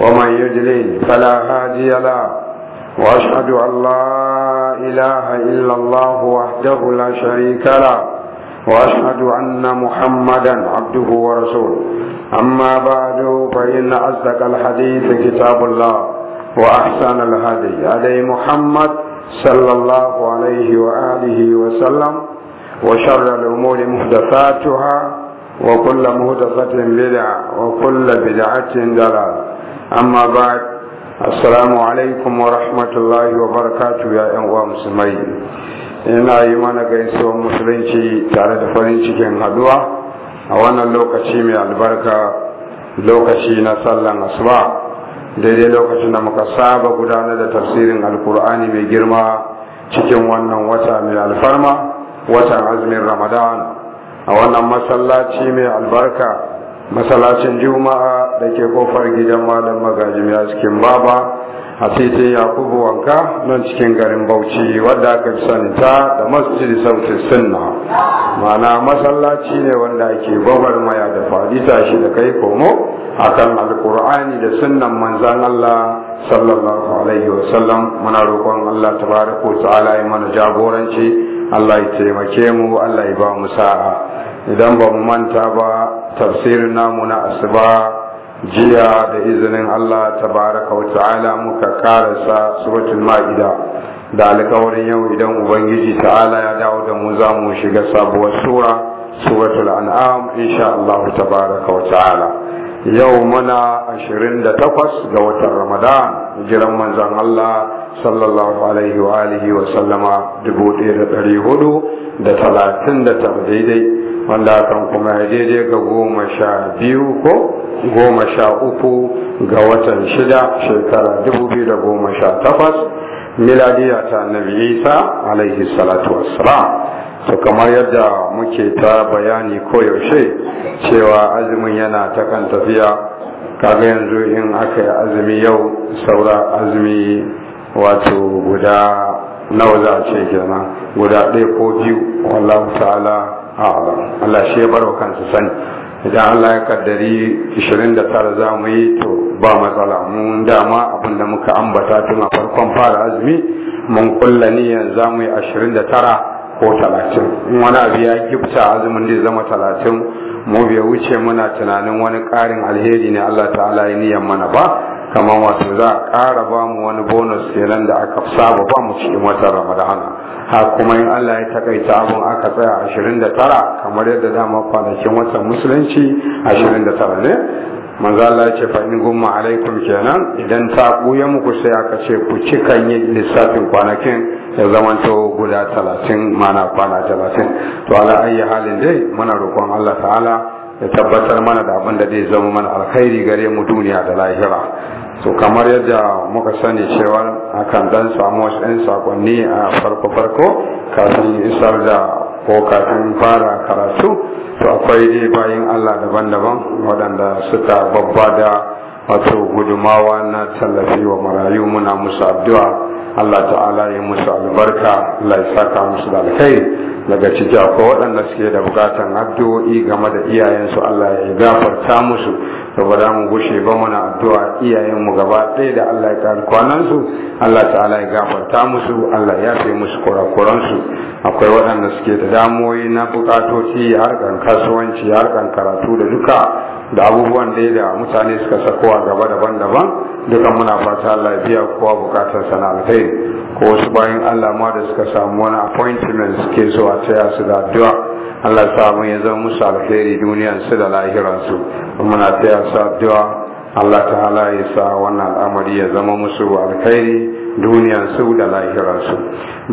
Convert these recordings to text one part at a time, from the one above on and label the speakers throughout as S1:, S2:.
S1: ومن يدلل فلا هادي له وأشهد أن لا إله إلا الله وحده لا شريك له وأشهد أن محمدا عبده ورسوله أما بعد فإن أصدق الحديث كتاب الله وأحسن الهدي هدي محمد صلى الله عليه وآله وسلم وشر الأمور محدثاتها وكل محدثة بدعة وكل بدعة ضلالة amma ba assalamu alaikum wa rahmatullahi wa barakatu ya yan uwa musulmai ina yi mana gaisuwar musulunci tare da farin cikin haduwa a wannan lokaci mai albarka lokaci na sallan asuba daidai lokacin da muka saba gudanar da tafsirin alkur'ani mai girma cikin wannan wata mai alfarma watan azumin ramadan a wannan masallaci mai albarka masallacin juma'a da ke kofar gidan malam magajin ya cikin baba a titin yakubu wanka nan cikin garin bauchi wadda aka santa da masjid sautin sunna mana masallaci ne wanda ake babar maya da fadita shi da kai komo akan alkur'ani da sunnan manzan allah sallallahu alaihi wasallam muna roƙon allah tabaraka ta'ala ya mana jagoranci allah ya taimake mu allah ya ba mu sa'a idan ba mu manta ba tafsirin namu na asuba jiya da izinin Allah tabaraka wa ta'ala muka karasa suratul ma'ida da alƙawarin yau idan ubangiji ta'ala ya dawo da mu za mu shiga sabuwar sura suratul an'am insha Allah tabaraka wa ta'ala yau muna 28 ga watan Ramadan jiran manzon Allah sallallahu alaihi wa alihi wa sallama dubu ɗaya da ɗari hudu da talatin da daidai wanda kan kuma ya daidai ga goma sha biyu ko goma sha uku ga watan shida shekara dubu biyu da goma sha takwas miladiya ta annabi isa alaihi salatu wassalam to kamar yadda muke ta bayani koyaushe cewa azumin yana ta kan tafiya kaga yanzu in aka yi azumi yau saura azumi wato guda nawa za a ce kenan guda ɗaya ko biyu wallahu ta'ala a'lam Allah shi ya bar wa kansa sani idan Allah ya kaddari 29 za mu yi to ba matsala mun dama abin da muka ambata tun a farkon fara azumi mun kulla niyyar za mu yi 29 ko 30 in wani abu ya gifta azumin zai zama 30 mu bai wuce muna tunanin wani ƙarin alheri ne Allah ta'ala ya niyyar mana ba kamar wato za a ƙara ba mu wani bonus kenan da aka saba ba mu cikin watan ramadana ha kuma in Allah ya takaita abun aka tsaya ashirin da tara kamar yadda dama kwanakin watan musulunci ashirin da tara ne manzo Allah ya ce fa in gumma alaikum kenan idan ta buya muku sai aka ce ku cikan yi lissafin kwanakin ya zamanto guda talatin mana kwana talatin to ala ayi halin dai muna roƙon Allah ta'ala ya tabbatar mana da abin da zai zama mana alkhairi gare mu duniya da lahira To kamar yadda muka sani cewa akan dan samu wasu 'yan sakonni a farko-farko kafin isar da ko kafin fara karatu to akwai dai bayan allah daban-daban waɗanda suka babba da wato gudumawa na tallafi wa marayu muna musu addu'a allah ta'ala ya musu albarka allah ya saka musu da alkhairi daga ciki akwai waɗanda suke da bukatan addu'o'i game da iyayensu Allah ya gafarta musu to ba za mu gushe ba muna addu'a iyayenmu gaba ɗaya da Allah ya ƙari kwanansu Allah ta'ala ya gafarta musu Allah ya fi musu kurakuransu akwai waɗanda suke da damuwoyi na bukatoci harkan kasuwanci harkan karatu da duka da abubuwan da mutane suka sako a gaba daban-daban duka muna fata Allah biya kowa bukatar sana alkhairi ko wasu bayan Allah ma da suka samu wani appointment suke so a taya su da addu'a Allah ya samu ya zama musu alkhairi duniyar su da lahirar su muna taya su addu'a Allah ta hala ya sa wannan al'amari ya zama musu alkhairi duniyar su da lahirar su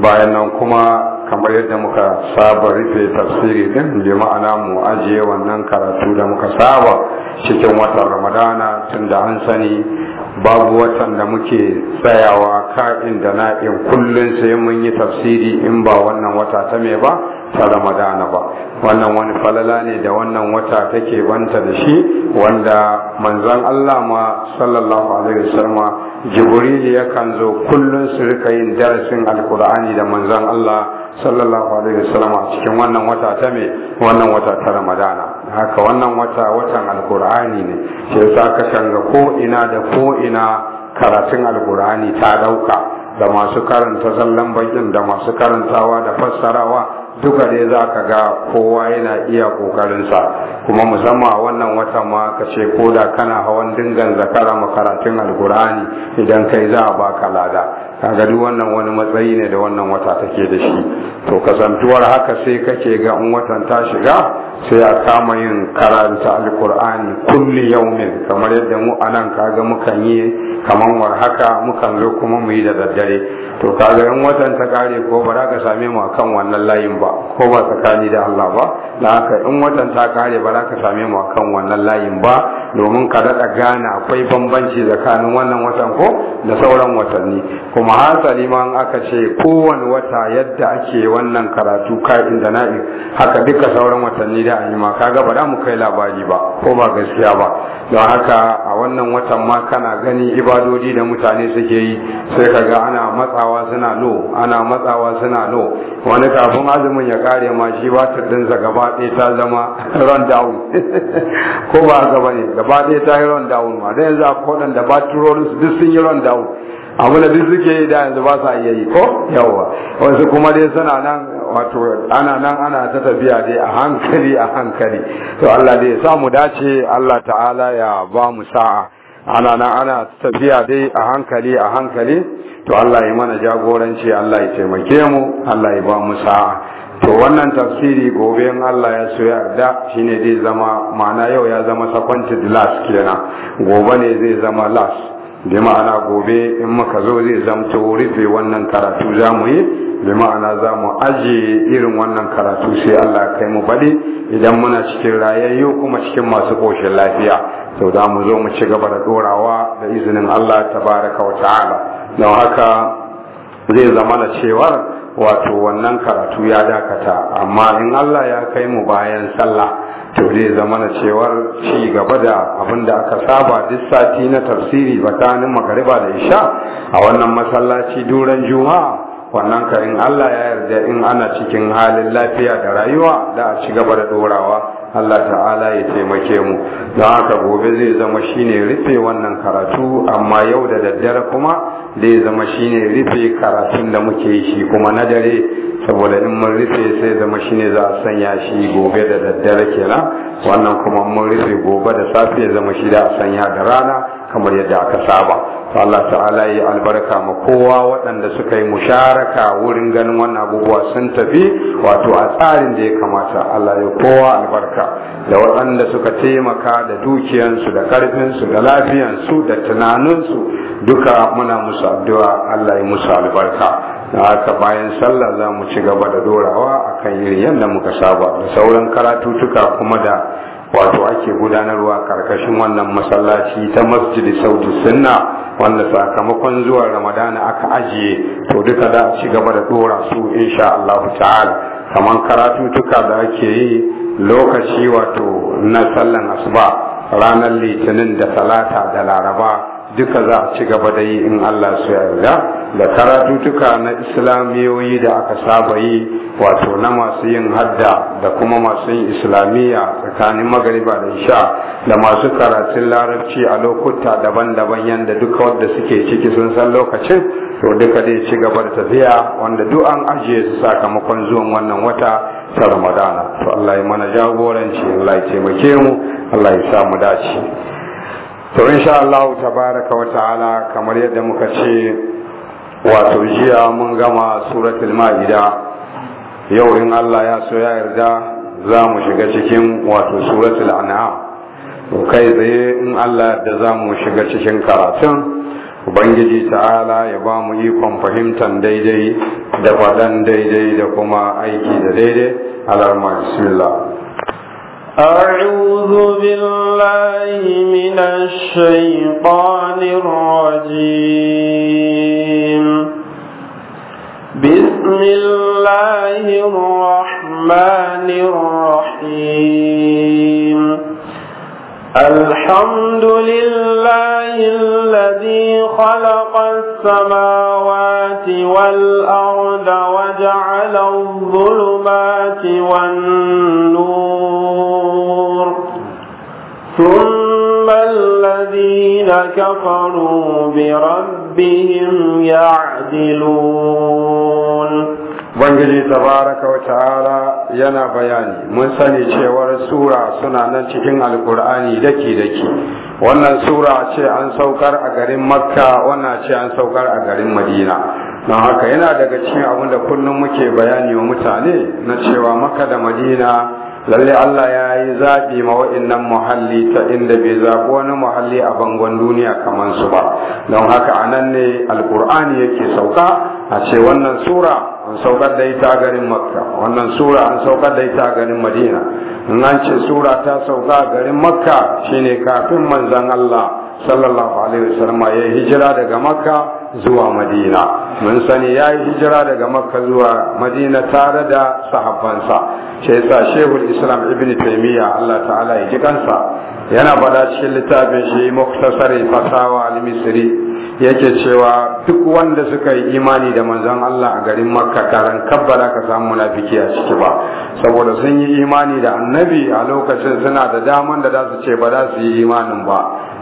S1: bayan nan kuma kamar yadda muka saba rufe tafsiri din jama'a na mu ajiye wannan karatu da muka saba cikin watan ramadana tun da an sani babu watan da muke tsayawa ka'in da na'in kullum sai mun yi tafsiri in ba wannan wata ta me ba ta ramadana ba wannan wani falala ne da wannan wata take banta da shi wanda manzon Allah ma sallallahu alaihi wasallam jibril yakan zo kullum su rika yin darasin alkur'ani da manzon Allah sallallahu alaihi wasallam a cikin wannan wata ta me wannan wata ta ramadana haka wannan wata watan alkur'ani ne shi yasa ka kanga ko ina da ko ina karatun alkur'ani ta dauka da masu karanta zallan bakin da masu karantawa da fassarawa duka dai za ka ga kowa yana iya ƙoƙarinsa kuma musamman wannan watan ma ka ce ko da kana hawan dingan zakara makaratun alkur'ani idan kai za a baka lada kaga duk wannan wani matsayi ne da wannan wata take da shi to kasantuwar haka sai kake ga in watan ta shiga sai a kama yin karanta alkur'ani kulli yaumin kamar yadda mu anan kaga mukan yi kaman war haka mukan zo kuma mu yi da daddare to kaga yan watan ta kare ko ba za ka same mu akan wannan layin ba ko ba tsakani da Allah ba dan haka in watan ta kare ba za ka same mu akan wannan layin ba domin ka daɗa gane akwai bambanci tsakanin wannan watan ko da sauran watanni kuma hasali ma aka ce kowane wata yadda ake wannan karatu ka'in da na'in haka duka sauran watanni jahannama kaga ba da mu kai labari ba ko ba gaskiya ba don haka a wannan watan ma kana gani ibadodi da mutane suke yi sai kaga ana matsawa suna lo ana matsawa suna lo wani kafin azumin ya kare ma shi ba ta dinsa gaba ɗaya ta zama run down ko ba gaba ne gaba ɗaya ta yi run down ma dan yanzu akwai waɗanda ba turorinsu duk sun yi run down abu da duk suke yi da yanzu ba sa iya yi ko yawa wasu kuma dai suna nan wato ana nan ana ta tafiya dai a hankali a hankali to Allah dai sa mu dace Allah ta'ala ya ba mu sa'a ana nan ana tafiya dai a hankali a hankali to Allah ya mana jagoranci Allah ya taimake mu Allah ya ba mu sa'a to wannan tafsiri gobe in Allah ya so yarda shine dai zama ma'ana yau ya zama second last kenan gobe ne zai zama last bi ma'ana gobe in muka zo zai zamto rufe wannan karatu za mu yi bi ma'ana za mu aje irin wannan karatu sai Allah kai mu baɗi idan muna cikin rayayyu kuma cikin masu ƙoshin lafiya to da mu zo mu ci gaba da ɗorawa da izinin Allah tabaraka wa ta'ala don haka zai zama da cewa wato wannan karatu ya dakata amma in Allah ya kai mu bayan sallah to zai zama na cewar ci gaba da abin da aka saba duk sati na tafsiri tsakanin magariba da isha a wannan masallaci duran juma'a wannan ka in Allah ya yarda in ana cikin halin lafiya da rayuwa da a ci gaba da dorawa Allah ta'ala ya taimake mu don haka gobe zai zama shine rufe wannan karatu amma yau da daddare kuma zai zama shine rufe karatun da muke yi shi kuma na dare saboda in mun rufe sai zama shine za a sanya shi gobe da daddare kenan wannan kuma mun rufe gobe da safe zama shi da a sanya da rana kamar yadda aka saba Allah ta'ala yi albarka ma kowa waɗanda suka yi musharaka wurin ganin wannan abubuwa sun tafi wato a tsarin da ya kamata Allah ya kowa albarka da waɗanda suka taimaka da dukiyansu da ƙarfinsu da lafiyansu da tunaninsu duka muna musu addu'a Allah ya musu albarka da haka bayan sallah za mu ci gaba da dorawa akan yin yadda muka saba da sauran tuka kuma da wato ake gudanarwa karkashin wannan masallaci ta masjidi saudi sunna wanda sakamakon zuwa ramadana aka ajiye to duka da ci gaba da dora su insha Allah ta'ala kamar karatu tuka da ake yi lokaci wato na sallan asuba ranar litinin da talata da laraba duka za a ci gaba da yi in Allah su yarda da karatutuka na islamiyoyi da aka saba yi wato na masu yin hadda da kuma masu yin islamiyya tsakanin magariba da sha da masu karatun larabci a lokuta daban-daban yadda duka wadda suke ciki sun san lokacin to duka dai ci gaba da tafiya wanda duk an ajiye su sakamakon zuwan wannan wata ta ramadana to Allah ya mana jagoranci Allah ya taimake mu Allah ya sa mu dace to insha Allah tabaraka wa ta'ala kamar yadda muka ce wato jiya mun gama suratul ma'ida yau in Allah ya so ya yarda za mu shiga cikin wato suratul an'am kai tsaye in Allah da za mu shiga cikin karatun ubangiji ta'ala ya ba mu ikon fahimtar daidai da faɗan daidai da kuma aiki da daidai alarma
S2: أعوذ بالله من الشيطان الرجيم بسم الله الرحمن الرحيم الحمد لله الذي خلق السماوات والأرض وجعل الظلمات والنور ثم الذين كفروا بربهم يعدلون وانجلي تبارك وتعالى
S1: yana bayani mun sani cewar sura suna nan cikin alkur'ani daki daki wannan sura ce an saukar a garin makka wannan ce an saukar a garin madina Don haka yana daga cikin abinda da kullum muke bayani wa mutane na cewa maka da madina lalle Allah ya yi zaɓi ma wa'innan muhalli ta inda bai zaɓi wani muhalli a bangon duniya kamar su ba don haka a nan ne alkur'ani yake sauka a ce wannan sura an saukar da ita garin makka wannan sura an saukar da ita garin madina nan ce sura ta sauka garin makka shine kafin manzon Allah sallallahu alaihi wasallam ya hijira daga makka zuwa madina mun sani ya yi hijira daga makka zuwa madina tare da sahabbansa ce sa shehul islam ibn taymiya Allah ta'ala ya ji kansa yana faɗa cikin littafin shi muktasari fasawa al-misri yake cewa duk wanda suka yi imani da manzon Allah a garin Makka karan kabbara ka samu munafiki a ciki ba saboda sun yi imani da annabi a lokacin suna da daman da za su ce ba za su yi imanin ba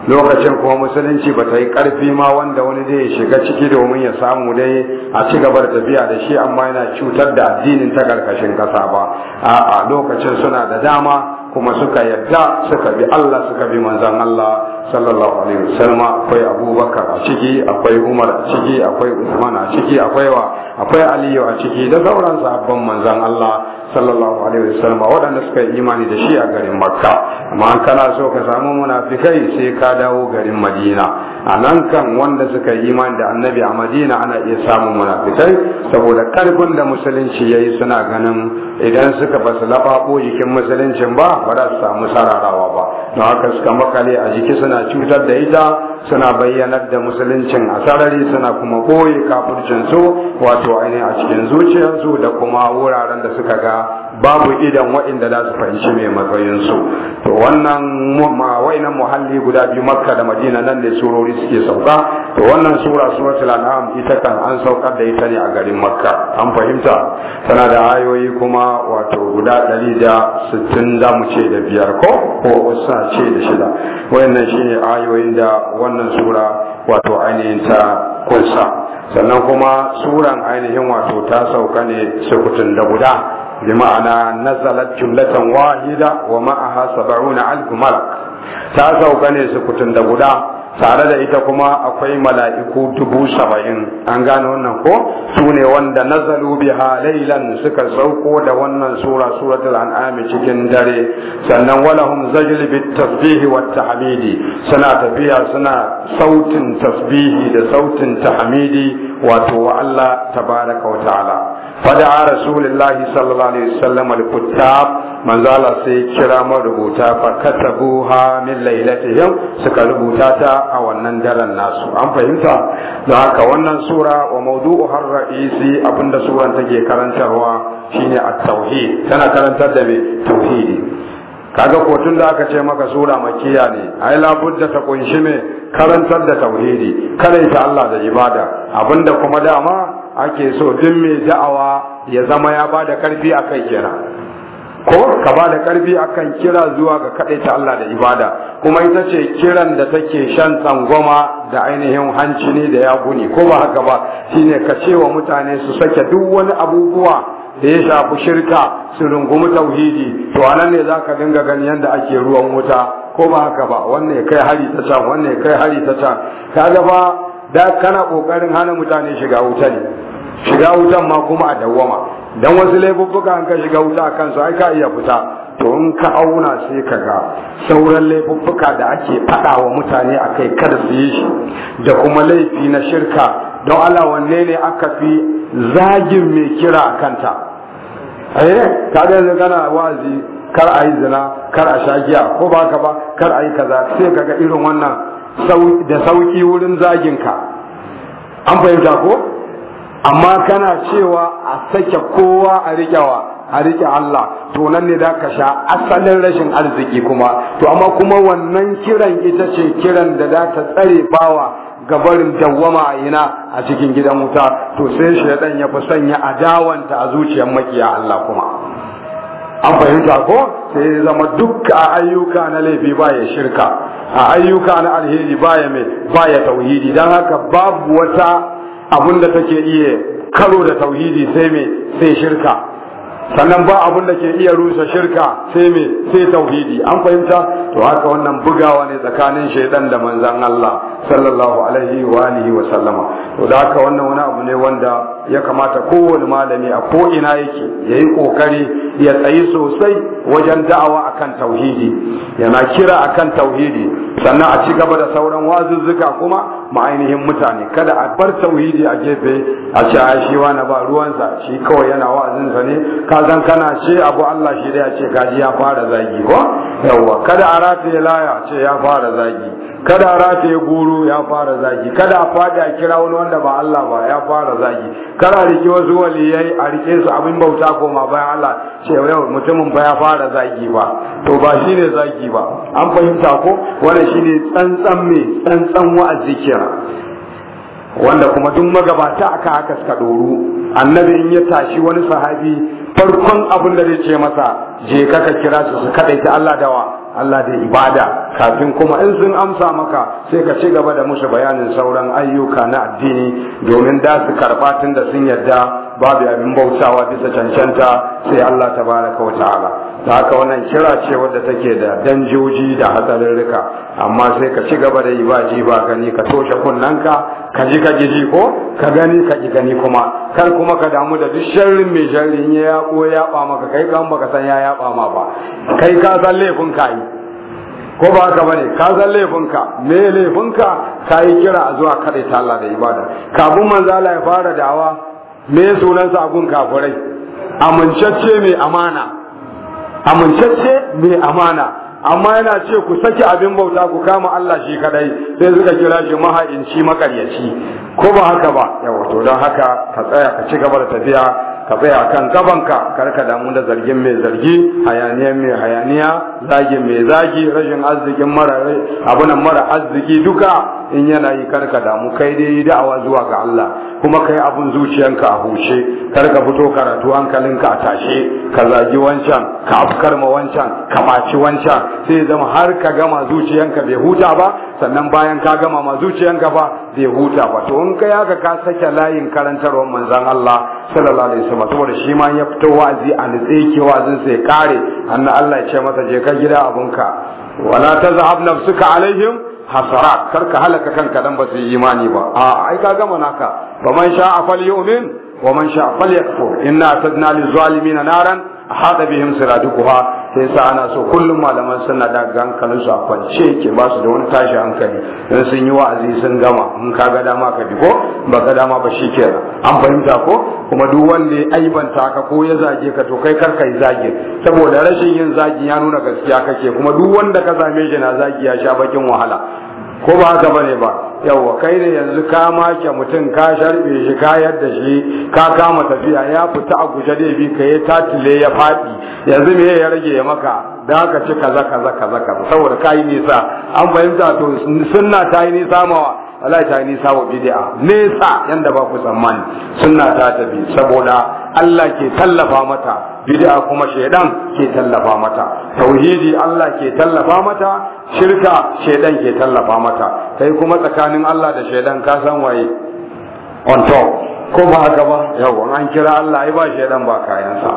S1: lokacin kuma musulunci ba ta yi ƙarfi ma wanda wani zai shiga ciki domin ya samu dai a ci gaba da tafiya da shi amma yana cutar da addinin ta ƙarƙashin ƙasa ba a lokacin suna da dama kuma suka yadda suka bi Allah suka bi manzan Allah sallallahu alaihi wasallam akwai Abubakar a ciki akwai Umar a ciki akwai Usman a ciki akwai wa akwai Aliyu a ciki da sauran sahabban manzan Allah sallallahu alaihi wasallam waɗanda suka yi imani da shi a garin makka amma an kana so ka samu munafikai sai ka dawo garin madina a nan kan wanda suka yi imani da annabi a madina ana iya samun munafikai saboda karfin da musulunci ya yi suna ganin idan suka basu laɓaɓo jikin musulunci ba ba za su samu sararawa ba don haka suka makale a jiki suna cutar da ita suna bayyanar da musuluncin a sarari suna kuma ɓoye kafircin su wato ainihin a cikin zuciyarsu da kuma wuraren da suka ga babu idan waɗanda za su fahimci mai matsayinsu to wannan wainan muhalli guda biyu makka da madina nan da surori suke sauka to wannan sura suratul an'am ita kan an saukar da ita ne a garin makka an fahimta tana da ayoyi kuma wato guda ɗari da sittin za mu ce da biyar ko ko sa ce da shida Wannan shine ayoyin da wannan sura wato ainihin ta kunsa sannan kuma suran ainihin wato ta sauka ne sukutun da guda بمعنى نزلت جملة واحدة ومعها سبعون ألف ملك ta sauka ne su tare da ita kuma akwai mala'iku dubu saba'in an gane wannan ko su ne wanda nazalu biha lailan suka sauko da wannan sura suratul an'ami cikin dare sannan walahum zajl bit tasbihi wat tahmidi suna tafiya suna sautin tasbihi da sautin tahmidi wato wa Allah tabaraka wa ta'ala fada'a rasulullahi sallallahu alaihi wasallam al-kuttab manzala sai kira marubuta fa katabuha min lailatihim suka rubuta ta a wannan daren nasu an fahimta da haka wannan sura wa maudu'u har ra'isi abinda suran take karantarwa shine at-tauhid tana karantar da me tauhidi kaga ko tun da aka ce maka sura makiya ne ai budda ta kunshi me karantar da tauhidi kare ta Allah da ibada abinda kuma dama ake so duk mai da'awa ya zama ya bada karfi akai kira ko ka ba da karfi akan kira zuwa ga ta Allah da ibada kuma ita ce kiran da take shan tsangwama da ainihin hanci ne da yaguni ko ba haka ba shine ka ce wa mutane su sake duk wani abubuwa da ya shafi shirka su rungumi tauhidi to anan ne zaka dinga gani yadda ake ruwan wuta ko ba haka ba wanne kai hari ta can wanne kai hari ta can kaga ba da kana kokarin hana mutane shiga wuta ne shiga wutan ma kuma a dawwama dan wasu laifuffuka an ka shiga wuta a kansu ai ka iya fita to in ka auna sai ka ga sauran laifuffuka da ake faɗa wa mutane a kada su yi shi da kuma laifi na shirka don Allah wanne ne aka fi zagin mai kira a kanta eh ka ga yanzu kana wa'azi kar a yi zina kar a sha giya ko ba ka ba kar a yi kaza sai ka ga irin wannan da sauki wurin zagin ka an fahimta ko amma kana cewa a sake kowa a riƙewa a rike Allah to nan ne da ka sha asalin rashin arziki kuma to amma kuma wannan kiran ita ce kiran da za ta tsare bawa gabarin dawwama a ina a cikin gidan wuta to sai shaidan ya fi sanya adawanta a zuciyar makiya Allah kuma an fahimta ko sai zama duk a ayyuka na laifi ba shirka a ayyuka na alheri ba mai baya tauhidi don haka babu wata abun da take iya karo da tauhidi sai me sai shirka sannan ba abun da ke iya rusa shirka sai me sai tauhidi an fahimta to haka wannan bugawa ne tsakanin shaidan da manzon Allah sallallahu alaihi wa alihi wa sallama to da haka wannan wani abu ne wanda ya kamata kowane malami a ko ina yake ya yi ƙoƙari ya tsayi sosai wajen da'awa akan tauhidi yana kira akan tauhidi sannan a ci gaba da sauran wazuzzuka kuma ma'ainihin mutane kada a bar tauhidi a gefe a ce a shi wani ba ruwansa shi kawai yana wa'azinsa ne ka san kana ce abu Allah shi da ya ce kaji ya fara zagi ko yawwa kada a rataye laya ce ya fara zagi kada ya guru ya fara zagi kada faɗi a kira wani wanda ba Allah ba ya fara zagi kada rike wasu waliyai a rike su abin bauta ko ma bayan Allah ce yau mutumin ba ya fara zagi ba to ba shine zagi ba an fahimta ko wannan shine tsantsan me tsantsan wa'azi kira wanda kuma duk magabata aka haka suka doro annabi in ya tashi wani sahabi farkon abin da zai ce masa je ka kira su su kadaita Allah dawa Allah da ibada kafin kuma in sun amsa maka sai ka ci gaba da musu bayanin sauran ayyuka na addini domin da su karɓa tun da sun yarda babu abin bautawa bisa cancanta sai Allah tabaraka wa ta'ala ta haka wannan kira ce wadda take da danjoji da hatsarurruka amma sai ka ci gaba da yi ba ji ba gani ka toshe kunnanka ka ji ka ji ko ka gani ka ji gani kuma kar kuma ka damu da duk sharrin mai sharrin ya yako ya ba maka kai kan baka san ya yaba ma ba kai ka san laifin ka yi ko ba haka bane ka san laifin ka, me laifin ka yi kira a zuwa kaɗai ta Allah da ibada kafin manzo Allah ya fara dawa me sunan sa gun kafirai amincacce mai amana amintacce mai amana amma yana ce ku saki abin bauta ku kama Allah shi kadai sai suka kira shi maha'inci makaryaci ko ba haka ba yawa to don haka ka tsaya ka ci gaba da tafiya ka tsaya kan gabanka kar ka damu da zargin mai zargi hayaniya mai hayaniya zagi mai zagi rashin arzikin mara abunan mara arziki duka in yana yi kar ka damu kai dai da'awa zuwa ga Allah kuma ka yi abun zuciyanka a hushe kar ka fito karatu hankalinka a tashe ka zagi wancan ka afkar ma wancan ka baci wancan sai zama har ka gama zuciyanka bai huta ba sannan bayan ka gama ma zuciyanka ba bai huta ba to in kai haka ka sake layin karantarwar manzon Allah sallallahu alaihi wasallam saboda shi ma ya fito wa'azi a nitse ke wa'azin sai kare annan Allah ya ce masa je ka gida abunka wala tazhab nafsuka alaihim hasarat karka halaka kanka dan ba su yi imani ba a ai ka gama naka faman sha'a falyu'min wa man sha'a falyakfur inna atadna lizzalimina naran ahada bihim siradukuha sai sa ana so kullum malaman suna da hankalin su a kwance ke ba su da wani tashi hankali don sun yi wa'azi sun gama in ka ga dama ka bi ko ba ka dama ba shikenan an fahimta ko kuma duk wanda ya aibanta ka ko ya zage ka to kai kar yi zage saboda rashin yin zagi ya nuna gaskiya kake kuma duk wanda ka same shi na zagi ya sha bakin wahala ko ba haka bane ba yawa kai ne yanzu ka make mutum ka sharbe shi ka yadda shi ka kama tafiya ya fita a guje da bi ka ta tatile ya faɗi yanzu me ya rage ya maka da ka ci kaza kaza kaza kaza saboda ka yi nisa an fahimta to sunna ta yi nisa mawa Allah ta yi nisa wa bid'a nesa yanda ba ku tsammani sunna ta tafi saboda Allah ke tallafa mata bid'a kuma shaidan ke tallafa mata tauhidi Allah ke tallafa mata shirka shaidan ke tallafa mata kai kuma tsakanin Allah da shaidan ka san waye on top ko ba haka ba yawa an kira Allah ai ba shaidan ba kayansa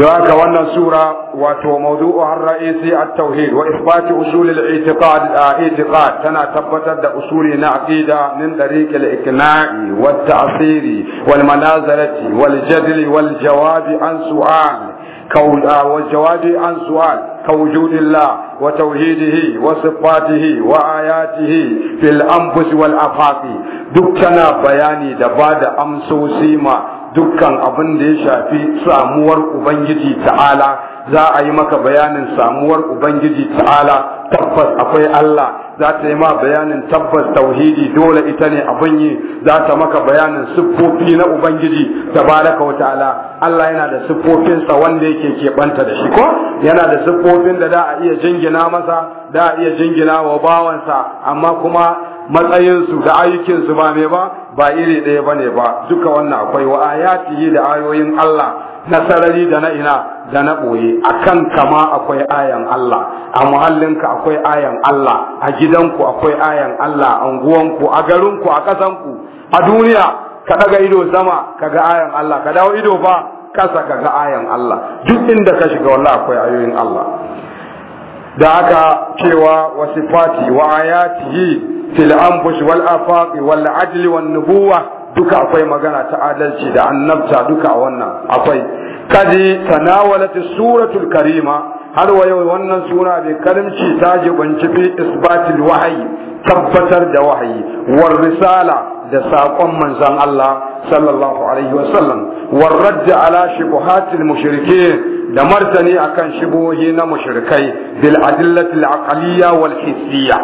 S1: don haka wannan sura wato mawdu'u har ra'isi at-tauhid wa isbat usul al-i'tiqad i'tiqad tana tabbatar da usuli na aqida min tariq al-iqna'i wat ta'siri wal manazarati wal jadli wal Jawabi an su'al والجواب عن سؤال كوجود الله وتوحيده وصفاته وآياته في الأنفس والأفاق دكنا بياني دباد ma dukkan abin da ya shafi samuwar Ubangiji ta'ala za a yi maka bayanin samuwar Ubangiji ta'ala tabbas akwai Allah za ta yi ma bayanin tabbas tauhidi dole ita ne abin yi za ta maka bayanin siffofi na ubangiji tabaraka wa ta'ala Allah yana da siffofinsa wanda yake keɓanta da shi ko yana da siffofin da da a iya jingina masa da a iya jingina wa bawansa amma kuma matsayinsu da ayyukinsu ba mai ba ba iri ɗaya ba ne ba duka wannan akwai wa ayati da ayoyin Allah na sarari da na ina da na boye akan kama akwai ayan Allah a muhallinka akwai ayan Allah a gidanku akwai ayan Allah a unguwanku a garinku a ƙasanku a duniya ka daga ido sama kaga ayan Allah ka dawo ido ba kasa kaga ayan Allah duk inda ka shiga wallahi akwai ayoyin Allah da aka cewa wa sifati wa ayatihi fil anfus wal afaq wal adl wan nubuwah duka akwai magana ta adalci da annabta duka a wannan akwai kadi tanawalat suratul karima har wa yau wannan sura bai karimci ta jibanci fi isbatil wahayi tabbatar da wahayi war risala da saƙon manzon Allah sallallahu alaihi wa sallam war radda ala shubuhatil mushrikeen da martani akan shubuhi na mushrikai bil adillatil al wal hissiyya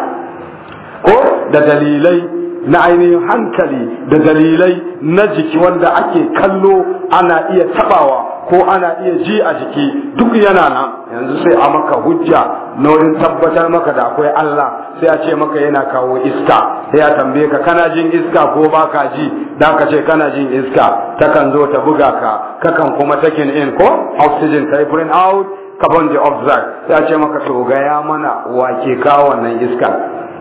S1: ko da dalilai na ainihin hankali da dalilai na jiki wanda ake kallo ana iya tabawa ko ana iya ji a jiki duk yana nan yanzu sai a maka hujja na wurin tabbatar maka da akwai Allah sai a ce maka yana kawo iska sai a tambaye ka kana jin iska ko ba ka ji da ka ce kana jin iska Ta kan zo ta buga ka kakan kuma taken in ko oxygen ta bring out carbon dioxide sai a ce maka to ga ya mana wake ka wannan iska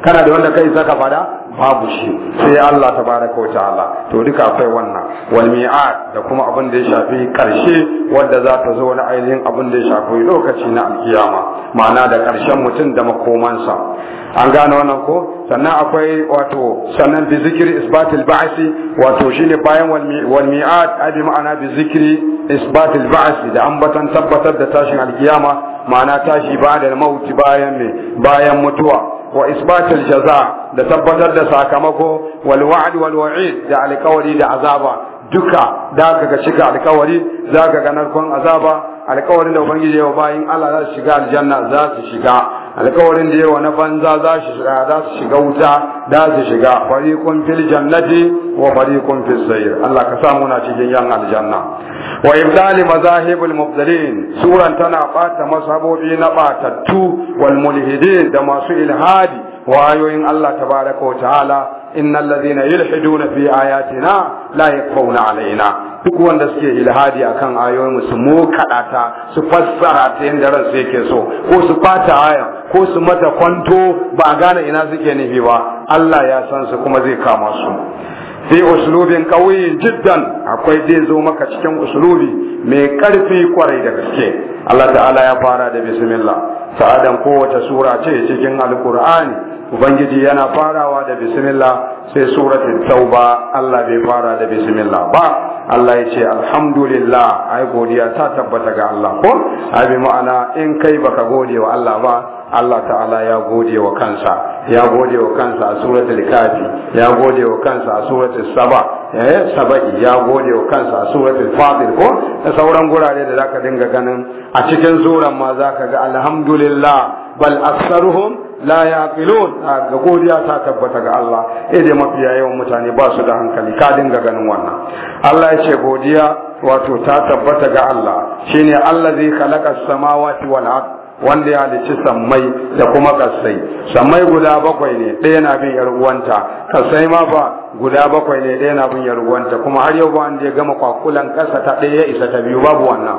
S1: kana da wanda kai saka fada babu shi sai Allah ta tabaraka wa ta'ala to duka akwai wannan wal mi'ad da kuma abin da ya shafi karshe wadda za ta zo wani ainihin abin da ya shafi lokaci na alkiyama ma'ana da karshen mutum da makomansa an gane wannan ko sannan akwai wato sannan bi zikri isbatil ba'si wato shine bayan wal mi'ad abi ma'ana bi zikri isbatil ba'si da ambatan tabbatar da tashin alkiyama ma'ana tashi ba da mauti bayan me bayan mutuwa wa isbatul jaza da tabbatar da sakamako wal wa'd wal wa'id da alƙawari da azaba duka da ka shiga cika alƙawari za ka ga narkon azaba alƙawarin da ubangiji ya bayin Allah za su shiga aljanna za su shiga alkawarin da yawa na banza za su shiga za su shiga wuta da su shiga fariqun fil jannati wa fariqun fil sayr Allah ka sa muna cikin yan aljanna wa ibdali mazahibul mubdalin suran tana bata masabobi na batattu wal mulhidin da masu ilhadi wa ayoyin Allah tabaraka wa ta'ala innal ladhina yulhiduna fi ayatina la yakfawna alaina duk wanda suke ilhadi akan ayoyin su mu kadata su fassara ta yanda ran su yake so ko su fata aya ko su mata kwanto ba a gane ina suke nufi ba Allah ya san su kuma zai kama su fi uslubin ƙauyin jiddan akwai zai zo maka cikin usulubi mai karfi kwarai da gaske Allah ta'ala ya fara da bismillah sa'adan kowace sura ce cikin alkur'ani ubangiji yana farawa da bismillah sai suratul tauba Allah bai fara da bismillah ba Allah ya ce alhamdulillah ai godiya ta tabbata ga Allah ko ai bi ma'ana in kai baka gode wa Allah ba Allah ta'ala ya gode wa kansa ya gode wa kansa a suratul kafi ya gode wa kansa a suratul saba eh sabai ya gode wa kansa a suratul fadil ko da sauran gurare da zaka dinga ganin a cikin suran ma zaka ga alhamdulillah bal aktsaruhum la yaqilun ga godiya ta tabbata ga Allah eh dai mafiya yawan mutane ba su da hankali ka dinga ganin wannan Allah ya ce godiya wato ta tabbata ga Allah shine allazi khalaqa samawati wal ard wanda ya halicci sammai da kuma kasai sammai guda bakwai ne ɗaya na bin yar kasai ma ba guda bakwai ne ɗaya na bin yar kuma har yau ba wanda ya gama kwakulan kasa ta ɗaya ya isa ta biyu babu wannan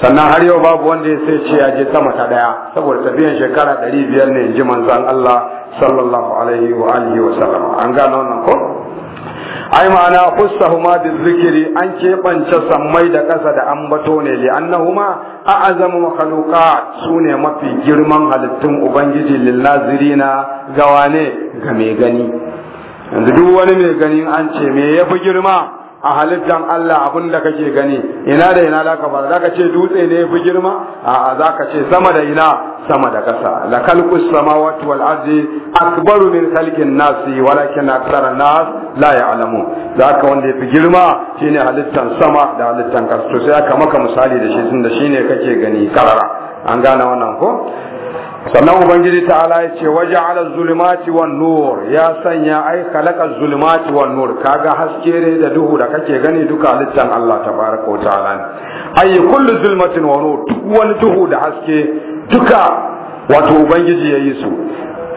S1: sannan har yau babu wanda ya sai ce ya je sama ta ɗaya saboda tafiyan shekara ɗari biyar ne in ji manzan Allah sallallahu alaihi wa alihi wa sallam an gano wannan ko ai ma'ana khussahuma bizikri an keɓance sammai da ƙasa da an bato ne li annahuma a'azamu makhluqat sune mafi girman halittun ubangiji lil nazirina gawane ga mai gani yanzu duk wani mai ganin an ce me yafi girma a halittan Allah abin da kake gani ina da ina zaka fara ka ce dutse ne fi girma a ka ce sama da ina sama da ƙasa la khalqu samawati wal ardi akbaru min khalqin nasi walakin akthara nas la ya'lamu ka wanda fi girma shine halittan sama da halittan ƙasa to sai aka maka misali da shi tunda shine kake gani karara an gane wannan ko sannan ubangiji ta'ala ya ce waje ala zulumati wan nur ya sanya ai khalaqa zulumati wan nur kaga haske ne da duhu da kake gani duka littan Allah tabaraka ta'ala ne ai kullu zulmatin wan nur duk wani duhu da haske duka wato ubangiji yayi su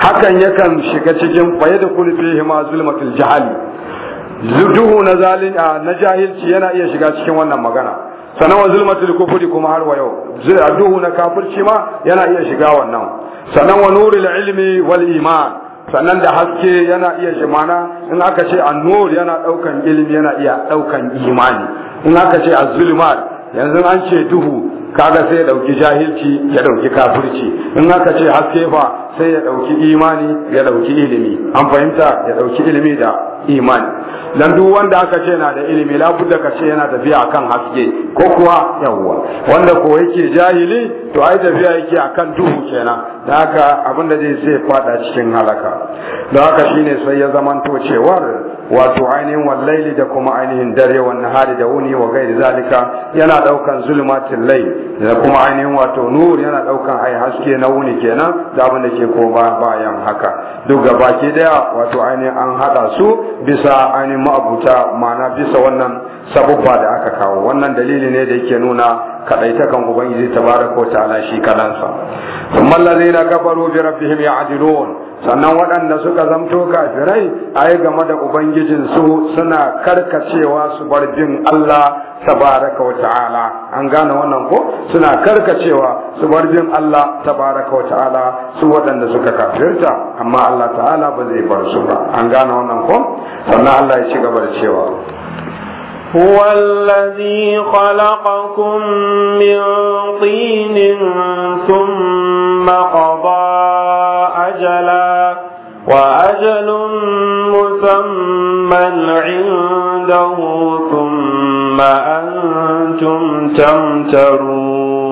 S1: hakan yakan shiga cikin faye da kulfihi ma zulmatil jahali duhu na na jahilci yana iya shiga cikin wannan magana sanan wa zulmatul kufri kuma har wa yau a duhu na kafirci ma yana iya shiga wannan sanan wa nurul ilmi wal iman sannan da haske yana iya shi mana in aka ce annur yana daukan ilimi yana iya daukan imani in aka ce azulmat yanzu an ce duhu kaga sai ya dauki jahilci ya dauki kafirci in aka ce haske fa sai ya dauki imani ya dauki ilimi an fahimta ya dauki ilimi da imani dan duk wanda aka ce yana da ilimi labudda ka ce yana tafiya akan haske ko kuwa yawwa wanda ko yake jahili to ai tafiya yake akan duhu kenan da haka abin da zai sai fada cikin halaka da haka shine sai ya zaman to cewar wato ainihin wallaili da kuma ainihin dare wa hari da wuni wa gairi zalika yana daukan zulmatin lai da kuma ainihin wato nur yana daukan ai haske na wuni kenan da abin da ke ko bayan haka duk gabaki daya wato ainihin an hada su bisa ainihin ma'abuta ma'ana bisa wannan sabubba da aka kawo wannan dalili ne da yake nuna kaɗaitakan ubangiji tabaraka wa ta'ala shi kalansa thumma allazina kafaru bi rabbihim ya'dilun sannan waɗanda suka zamto kafirai ai game da ubangijin su suna karkacewa su bar jin Allah tabaraka wa ta'ala an gane wannan ko suna karkacewa su bar jin Allah tabaraka wa ta'ala su waɗanda suka kafirta amma Allah ta'ala ba zai bar su ba an gane wannan ko sannan Allah ya ci gaba da cewa هو الذي خلقكم
S2: من طين ثم قضى أجلا
S1: وأجل
S2: مسمى عنده ثم أنتم تمترون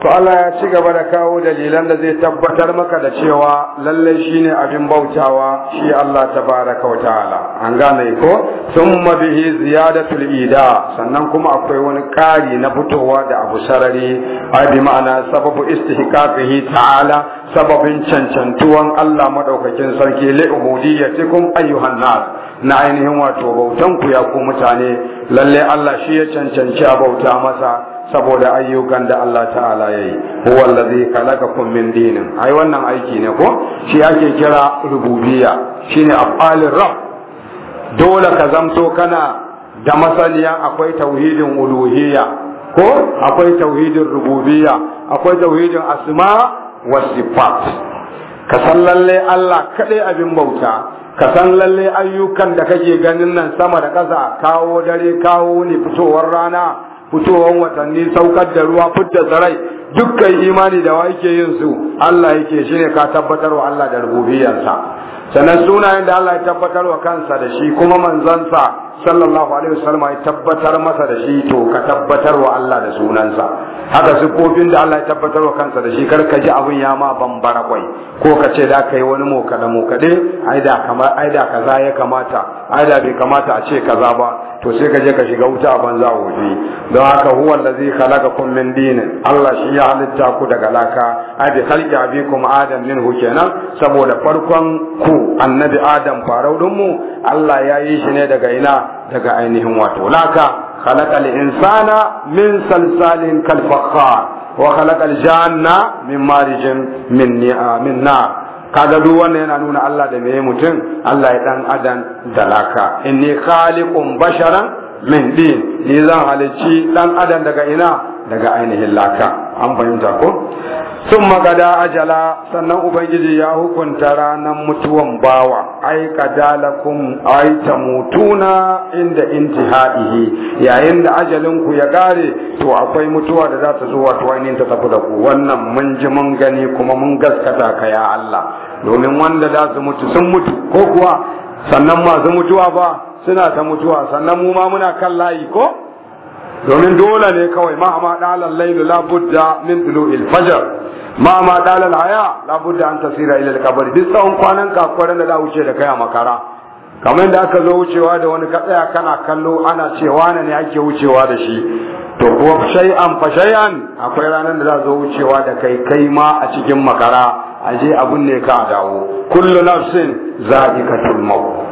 S2: to Allah ya ci gaba
S1: da kawo dalilan da zai tabbatar maka da cewa lalle shine abin bautawa shi Allah tabaraka wa ta'ala an gane ko thumma bihi ziyadatul ida sannan kuma akwai wani kari na fitowa da abu sarari a bi ma'ana sababu istihqaqihi ta'ala sababin cancantuwan Allah madaukakin sarki li ubudiyyatikum ayyuhan nas na ainihin wato bautan ku ya ku mutane lalle Allah shi ya cancanci a bauta masa saboda ayyukan da Allah ta'ala ya yi huwa allazi khalaqakum min dinin ai wannan aiki ne ko shi ake kira rububiyya shine af'alir rabb dole ka zamto kana da masaniya akwai tauhidin uluhiyya ko akwai tauhidin rububiyya akwai tauhidin asma wa sifat ka san lalle Allah kadai abin bauta ka san lalle ayyukan da kake ganin nan sama da ƙasa kawo dare kawo ne fitowar rana fitowar watanni saukar da ruwa fitar da rai dukkan imani da wa yake yin su Allah yake shi ne ka tabbatar wa Allah da rububiyarsa sannan sunayen da Allah ya tabbatar wa kansa da shi kuma manzansa sallallahu alaihi wasallam ya tabbatar masa da shi to ka tabbatar wa Allah da sunansa haka sifofin da Allah ya tabbatar wa kansa da shi kar ka ji abin ya ma bambara kwai ko ka ce da kai wani mokade mokade ai da kamar ai da kaza ya kamata ai da bai kamata a ce kaza ba to sai ka je ka shiga wuta a banza waje don haka huwa allazi khalaqakum min dinin Allah shi ya halitta ku daga laka ai bi khalqi abikum adam minhu kenan saboda farkon ku annabi adam faraudin mu Allah ya yi shi ne daga ina daga ainihin wato laka khalaqal insana min salsalin kal fakhar wa khalaqal janna min marijin min min nar kaga duk wannan yana nuna Allah da meye mutum Allah ya dan adam dalaka inni khaliqun basharan min din ni zan halici dan adam daga ina daga ainihin laka an fahimta ko sun magada ajala sannan ubangiji ya hukunta ranan mutuwan bawa ai kadalakum ai ta mutuna inda intihaihi yayin da ajalin ku ya kare to akwai mutuwa da za ta zo wato ainihin ta tafi da ku wannan mun ji mun gani kuma mun gaskata ka ya Allah domin wanda za su mutu sun mutu ko kuwa sannan masu mutuwa ba suna ta mutuwa sannan mu ma muna kan layi ko domin dole ne kawai ma ma dalal layl la budda min tulu'il fajr ma ma dalal haya la budda an tasira ila al-qabr duk tsawon kwanan ka kwaran da za wuce da kai a makara kamar yadda aka zo wucewa da wani ka tsaya kana kallo ana cewa ne ne ake wucewa da shi to kuwa an fa shay'an akwai ranar da za zo wucewa da kai kai ma a cikin makara a je abun ne ka dawo kullu nafsin za'iqatul maut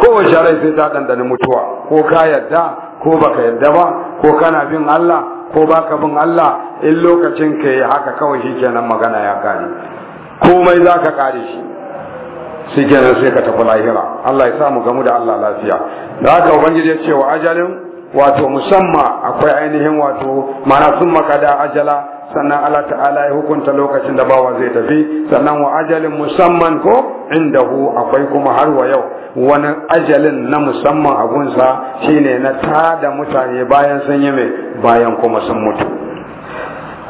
S1: kowace rai sai ta dandana mutuwa ko ka yadda ko baka yadda ba ko kana bin Allah ko baka bin Allah in lokacin ka yi haka kawai shikenan magana ya kare komai za ka kare shi shikenan sai ka tafi lahira Allah ya sa mu gamu da Allah lafiya da haka ubangiji ya ce wa ajalin wato musamma akwai ainihin wato mana sun makada ajala sannan Allah ta'ala ya hukunta lokacin da bawa zai tafi sannan wa ajalin musamman ko indahu akwai kuma har wa yau wani ajalin na musamman a gunsa shine na tada mutane bayan sun yi mai bayan kuma sun mutu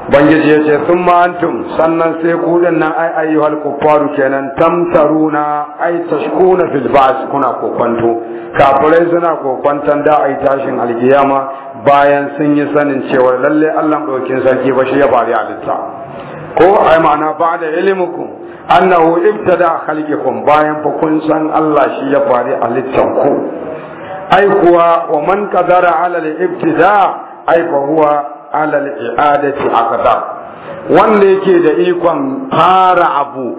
S1: bangiji ya ce sun ma'antum sannan sai kudin nan ai ayi halkufaru kenan tamtaruna ai tashkuna fil ba'as kuna kokwanto kafirai suna kokwantan da ai tashin alkiyama bayan sun yi sanin cewa lalle Allah ɗaukin sarki ba shi ya bari litta ko ai ma'ana ba da ilimukum annahu ibtada khalqikum bayan fa kun san Allah shi ya fari halittan ku ai kuwa wa man qadara ala al-ibtida ai fa huwa ala al-i'adati aqdar wanda yake da ikon fara abu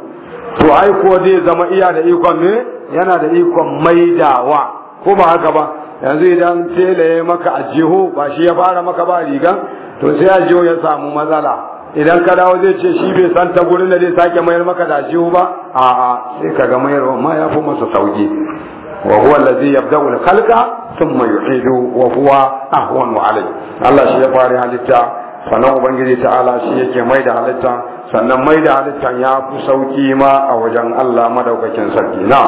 S1: to ai ko zai zama iya da ikon ne yana da ikon maidawa ko ba haka ba yanzu idan tela ya maka jiho ba shi ya fara maka ba rigan to sai jiho ya samu matsala idan ka dawo zai ce shi bai san ta gurin da zai sake mayar maka da ba a'a sai ka ga mayarwa ma ya fi masa sauki wa huwa allazi yabda'u al-khalqa thumma yu'idu wa huwa ahwanu alayh Allah shi ya fara halitta sannan ubangiji ta'ala shi yake mai da halitta sannan mai da halitta ya fi sauki ma a wajen Allah madaukakin sarki na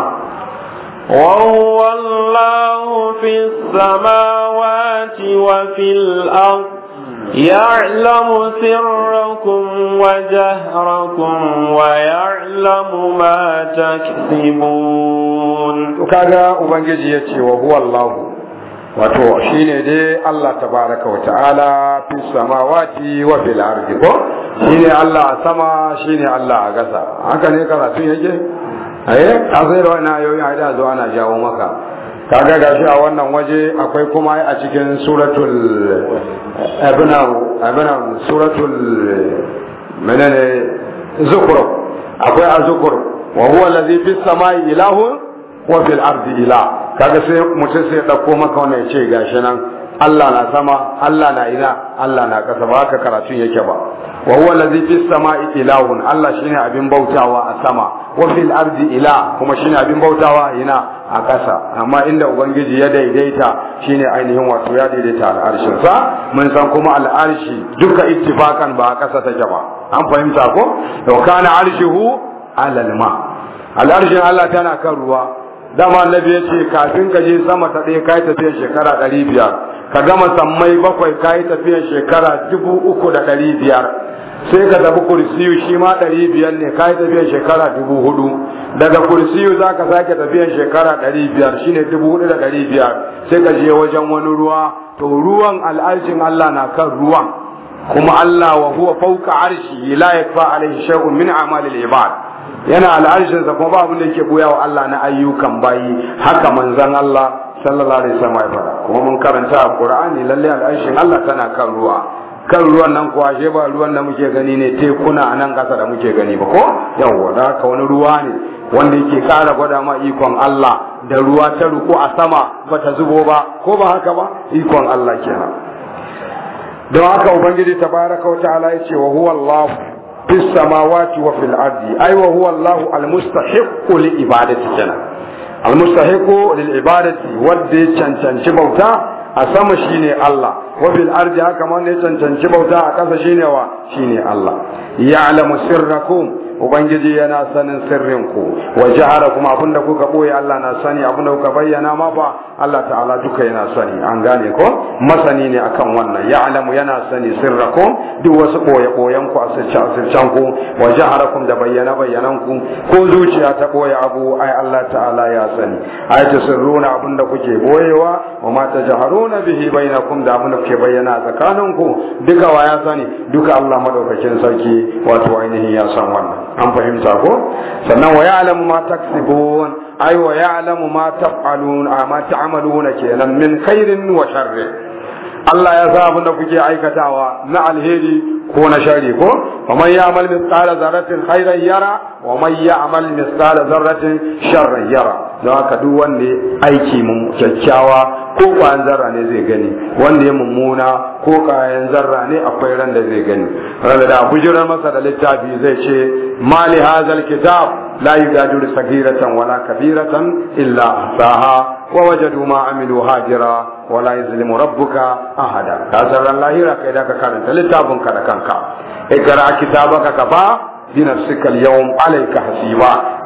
S2: وهو الله في wa fil الأرض يعلم سركم وجهركم ويعلم ما تكسبون كذا ubangiji yace wa huwa Allah wato shine dai Allah
S1: tabaraka wa ta'ala fi samawati wa fil ardi ko shine Allah a sama shine Allah a gasa haka ne karatun yake eh a zai rawana yoyin da zo ana jawo maka kaga gashi a wannan waje akwai kuma a cikin suratul abinan abinan suratul menene zukur akwai a zukur wa huwa allazi fi samai ilahun wa fil ardi ilah kaga sai mutum sai dauko maka wannan yace ce gashi nan Allah na sama Allah na ina Allah na ƙasa ba haka karatun yake ba wa huwa allazi fis sama'i ilahun Allah shine abin bautawa a sama wa fil ardi ila kuma shine abin bautawa ina a ƙasa amma inda ubangiji ya daidaita shine ainihin wato ya daidaita al'arshin sa mun san kuma al'arshi duka ittifakan ba a ƙasa take ba an fahimta ko to kana arshihu alal ma al'arshin Allah tana kan ruwa dama annabi ya ce kafin ka je sama ta ɗaya kai tafiyar shekara ɗari biyar ka gama sammai bakwai ka yi tafiyan shekara dubu uku da ɗari biyar sai ka tafi kursiyu shi ma ɗari biyar ne ka yi tafiyan shekara dubu hudu daga kursiyu za ka sake tafiyan shekara ɗari biyar shine dubu hudu da ɗari biyar sai ka je wajen wani ruwa to ruwan al'ajin Allah na kan ruwan kuma Allah wa huwa fauka arshi la yakfa alaihi shay'un min a'malil ibad yana al'arshinsa kuma ba abin da yake buya wa Allah na ayyukan bayi haka manzon Allah sallallahu alaihi wasallam ya fara kuma mun karanta a Qur'ani lalle al'arshin Allah tana kan ruwa kan ruwan nan kuwa she ba ruwan da muke gani ne tekuna a nan kasa da muke gani ba ko yawwa da ka wani ruwa ne wanda yake kara gwada ma ikon Allah da ruwa ta ruku a sama ba ta zubo ba ko ba haka ba ikon Allah kenan don haka ubangiji tabaraka wa ta'ala yace wa huwa Allah في السماوات وفي الأرض أي وهو الله المستحق لعبادة جنا المستحق للعبادة ودي تشان بوتا أسمى شيني الله وفي الأرض هكما نتشان بوتا أكاسا شيني وشيني الله يعلم سركم ubangiji yana sanin sirrin ku wa jahara kuma abinda kuka boye Allah na sani abinda kuka bayyana ma ba, Allah ta'ala duka yana sani an gane ko masani ne akan wannan ya'lamu yana sani sirrakum duk wasu boye boyen ku asirce asircen ku wa jaharakum da bayyana bayyanan ku ko zuciya ta boye abu ai Allah ta'ala ya sani ai ta sirruna abinda kuke boyewa wa ma jaharuna bihi bainakum da abinda kuke bayyana tsakaninku duka wa ya sani duka Allah madaukakin sarki wato ainihin ya san wannan an fahimta ko sannan wa ya'lamu ma taksibun ay wa ya'lamu ma taf'alun ma ta'maluna kenan min khairin wa sharrin Allah ya sa abin da kuke aikatawa na alheri ko na shari ko wa man ya'mal mithqala dharratin khairan yara wa man ya'mal mithqala dharratin sharran yara don haka duk wanda aiki mun kyakkyawa ko kwayan zarra ne zai gani wanda ya mummuna ko kwayan zarra ne akwai ran da zai gani ranar da bujirar masa da littafi zai ce mali hazal kitab la yugadiru sagiratan wala kabiratan illa ahsaha Kuwa waje duma amilu Hajira ko layi silimin rabbu ka a hada. Ya san ran lahira kai karanta littafin ka da kanka. Kada a kitaba ka kafa, bina sikal yawan ɓale ka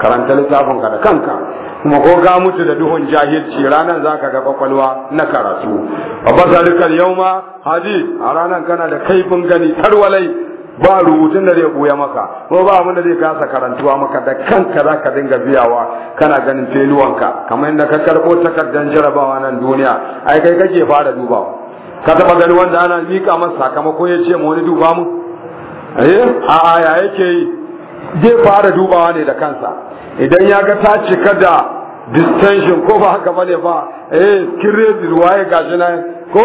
S1: karanta littafin ka da kanka. Kuma ko ga mutu da duhun jahilci, rana zaka ga ƙwaƙwalwa na karatu. Babbar sadiƙar yauma Haji, a ranar ka da kaifin gani tarwalai. ba rubutun da zai buya maka ko ba abin da zai kasa karantuwa maka da kanka za ka dinga biyawa kana ganin feluwanka kamar yadda ka karɓo takardar jarabawa nan duniya ai kai kake fara dubawa ka taɓa gani wanda ana miƙa masa sakamako ya ce mu wani duba mu eh, a aya yake yi zai fara dubawa ne da kansa idan ya ga ta cika da distension ko ba haka bane ba eh kirezi ruwaye gashi na ko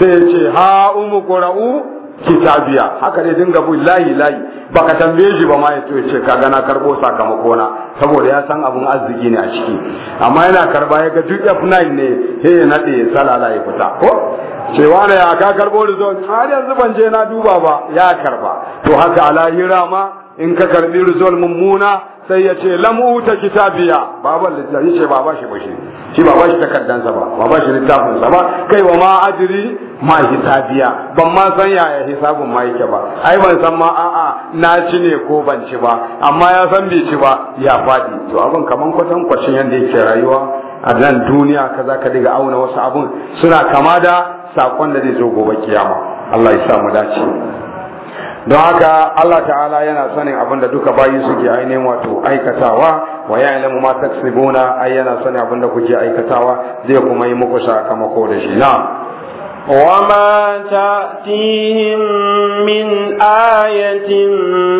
S1: sai ya ce ha umu qura'u kitabiya haka dai dinga bu layi layi baka tambaye shi ba ma ya to ce kaga na karbo sakamako na saboda ya san abun arziki ne a ciki amma yana karba ya ga duk F9 ne he ya nade salala ya fita ko cewa ne ya ka karbo result har yanzu ban je na duba ba ya karba to haka alahira ma in ka karbi result mummuna sai ya ce lamuta kitabiya baban littafi ce ba shi ba shi shi ba shi takardansa ba ba ba shi littafinsa ba kai wa ma ma hisabiya ban ma san yaya hisabun ma yake ba ai ban san ma a'a na ci ne ko ban ci ba amma ya san bai ci ba ya faɗi to abin kaman kwatan kwacin yadda yake rayuwa a nan duniya kaza ka diga auna wasu abun suna kama da sakon da zai zo gobe kiyama Allah ya sa mu dace don haka Allah ta'ala yana sanin abin da duka bayi suke ainihin wato aikatawa wa ya ilmu ma taksibuna ai yana sanin abin da kuke aikatawa zai kuma yi muku sakamako da shi
S2: وما تأتيهم من آية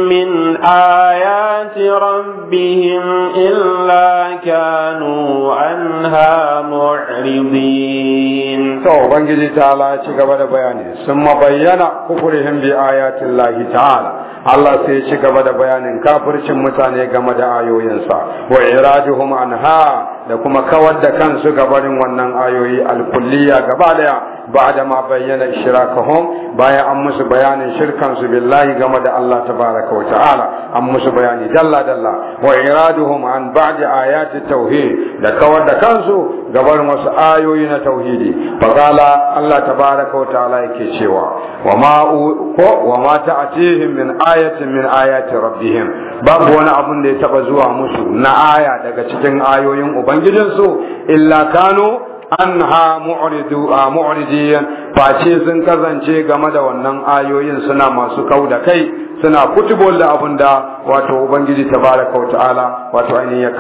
S2: من آيات ربهم إلا كانوا عنها معرضين تو بنجي تعالى شكبر
S1: بياني ثم بيانا كفرهم بآيات الله تعالى Allah sai ci gaba da bayanin kafircin mutane game da ayoyinsa wa irajuhum anha da kuma kawar da kansu gabarin wannan ayoyi alkulliya gaba daya بعدما بين إشراكهم بايا أمس بيان شركا بالله جمد الله تبارك وتعالى أمس بيان دلا دلا وإرادهم عن بعد آيات التوحيد دكوا دكانسو قبل مس آيوين توحيدي فقال الله تبارك وتعالى كشوا وما وما تأتيهم من آية من آيات ربهم باب وانا أبن دي تبزوا مسو na aya daga cikin ayoyin Ubangijinsu, illa kano anha mu'ridu a mu'ridiyan ce sun kazance game da wannan ayoyin suna masu kau da kai suna kutubul da abin da wato ubangiji tabaraka wa ta'ala wato ainihin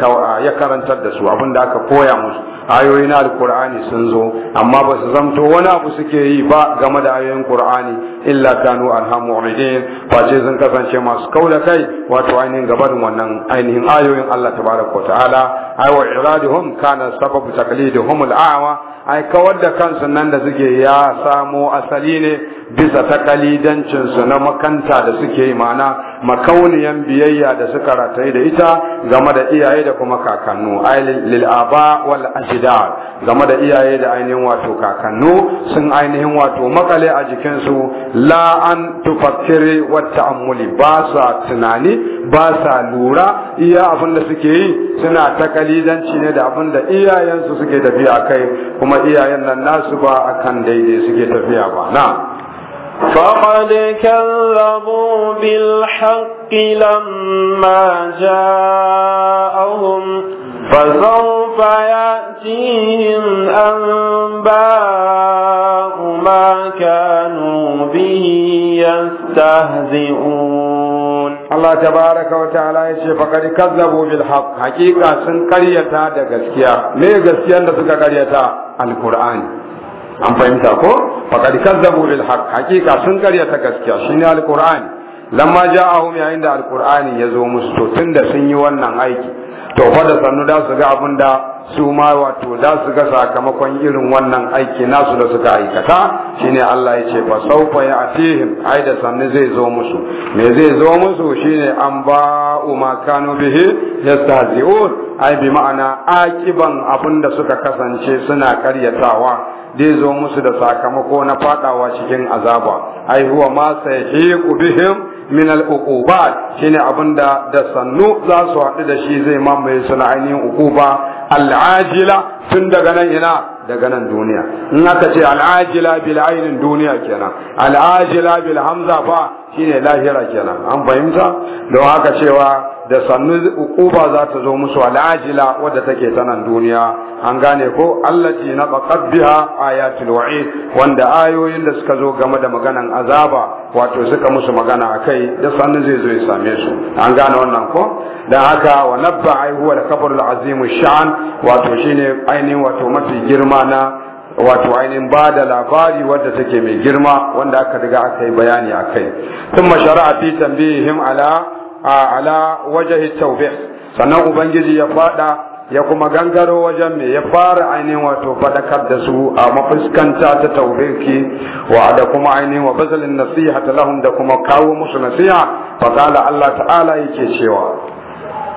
S1: ya karantar da su abin da aka koya musu ayoyin alqur'ani sun zo amma ba su zamto wani abu suke yi ba game da ayoyin qur'ani illa kanu anha mu'ridin ce sun kazance masu kau da kai wato ainihin gabarin wannan ainihin ayoyin Allah tabaraka wa ta'ala ay wa iradihum kana sababu taqlidihum al'a ai kawar da kansu nan da suke ya samo asali ne bisa ta kalidancinsu na makanta da suke yi mana makauniyan biyayya da suka rataye da ita game da iyaye da kuma kakannu lil aba wal ajdad game da iyaye da ainihin wato kakannu sun ainihin wato makale a jikinsu la an tufakkiri wa ba sa tunani ba sa lura iya abin da suke yi suna ta kalidanci ne da abin da iyayensu suke tafiya kai kuma iyayen nan nasu ba akan daidai suke tafiya ba
S2: na فقد كذبوا بالحق لما جاءهم فسوف يأتيهم أنباء ما كانوا به يستهزئون الله
S1: تبارك وتعالى يشي فقد كذبوا بالحق حقيقة سن قريتا دا ليه غسكيا دا القرآن an fahimta ko faqad kazzabu bil haqq hakika sun ta gaskiya Shi ne alqur'ani lamma ja'ahum yayin da alqur'ani ya zo musu to tunda sun yi wannan aiki to fa da sannu da su ga abin da su ma wato da su ga sakamakon irin wannan aiki nasu da suka aikata ne Allah ya ce fa sawfa ya'tihim ai da sannu zai zo musu me zai zo musu shi ne an ba ma kanu bihi yastahzi'un ai bi ma'ana akiban abin da suka kasance suna karyatawa zai zo musu da sakamako na fadawa cikin azaba ai huwa ma sayhiqu bihim min al-uqubat shine abinda da sannu za su haɗu da shi zai mamaye su na ainihin uquba al-ajila tun daga nan ina daga nan duniya in aka ce al'ajila bil ainin duniya kenan al'ajila bil hamza fa shine lahira kenan an fahimta don haka cewa da sannu ukuba za ta zo musu al'ajila wadda take ta nan duniya an gane ko allati na baqad biha ayatul wa'id wanda ayoyin da suka zo game da maganan azaba wato suka musu magana akai da sannu zai zo ya same su an gane wannan ko dan haka wa nabba ai huwa al-kabrul azim Sha'an wato shine ainihin wato mafi girma na wato ainihin ba da labari wadda take mai girma wanda aka riga aka yi bayani a kai sun mashara'a fi tambihim ala ala wajahi tawbih sannan ubangiji ya fada ya kuma gangaro wajen me ya fara ainihin wato fadakar da su a mafuskanta ta ki, wa da kuma ainihin wa fasalin nasiha ta lahum da kuma kawo musu nasiha fa Allah ta'ala yake cewa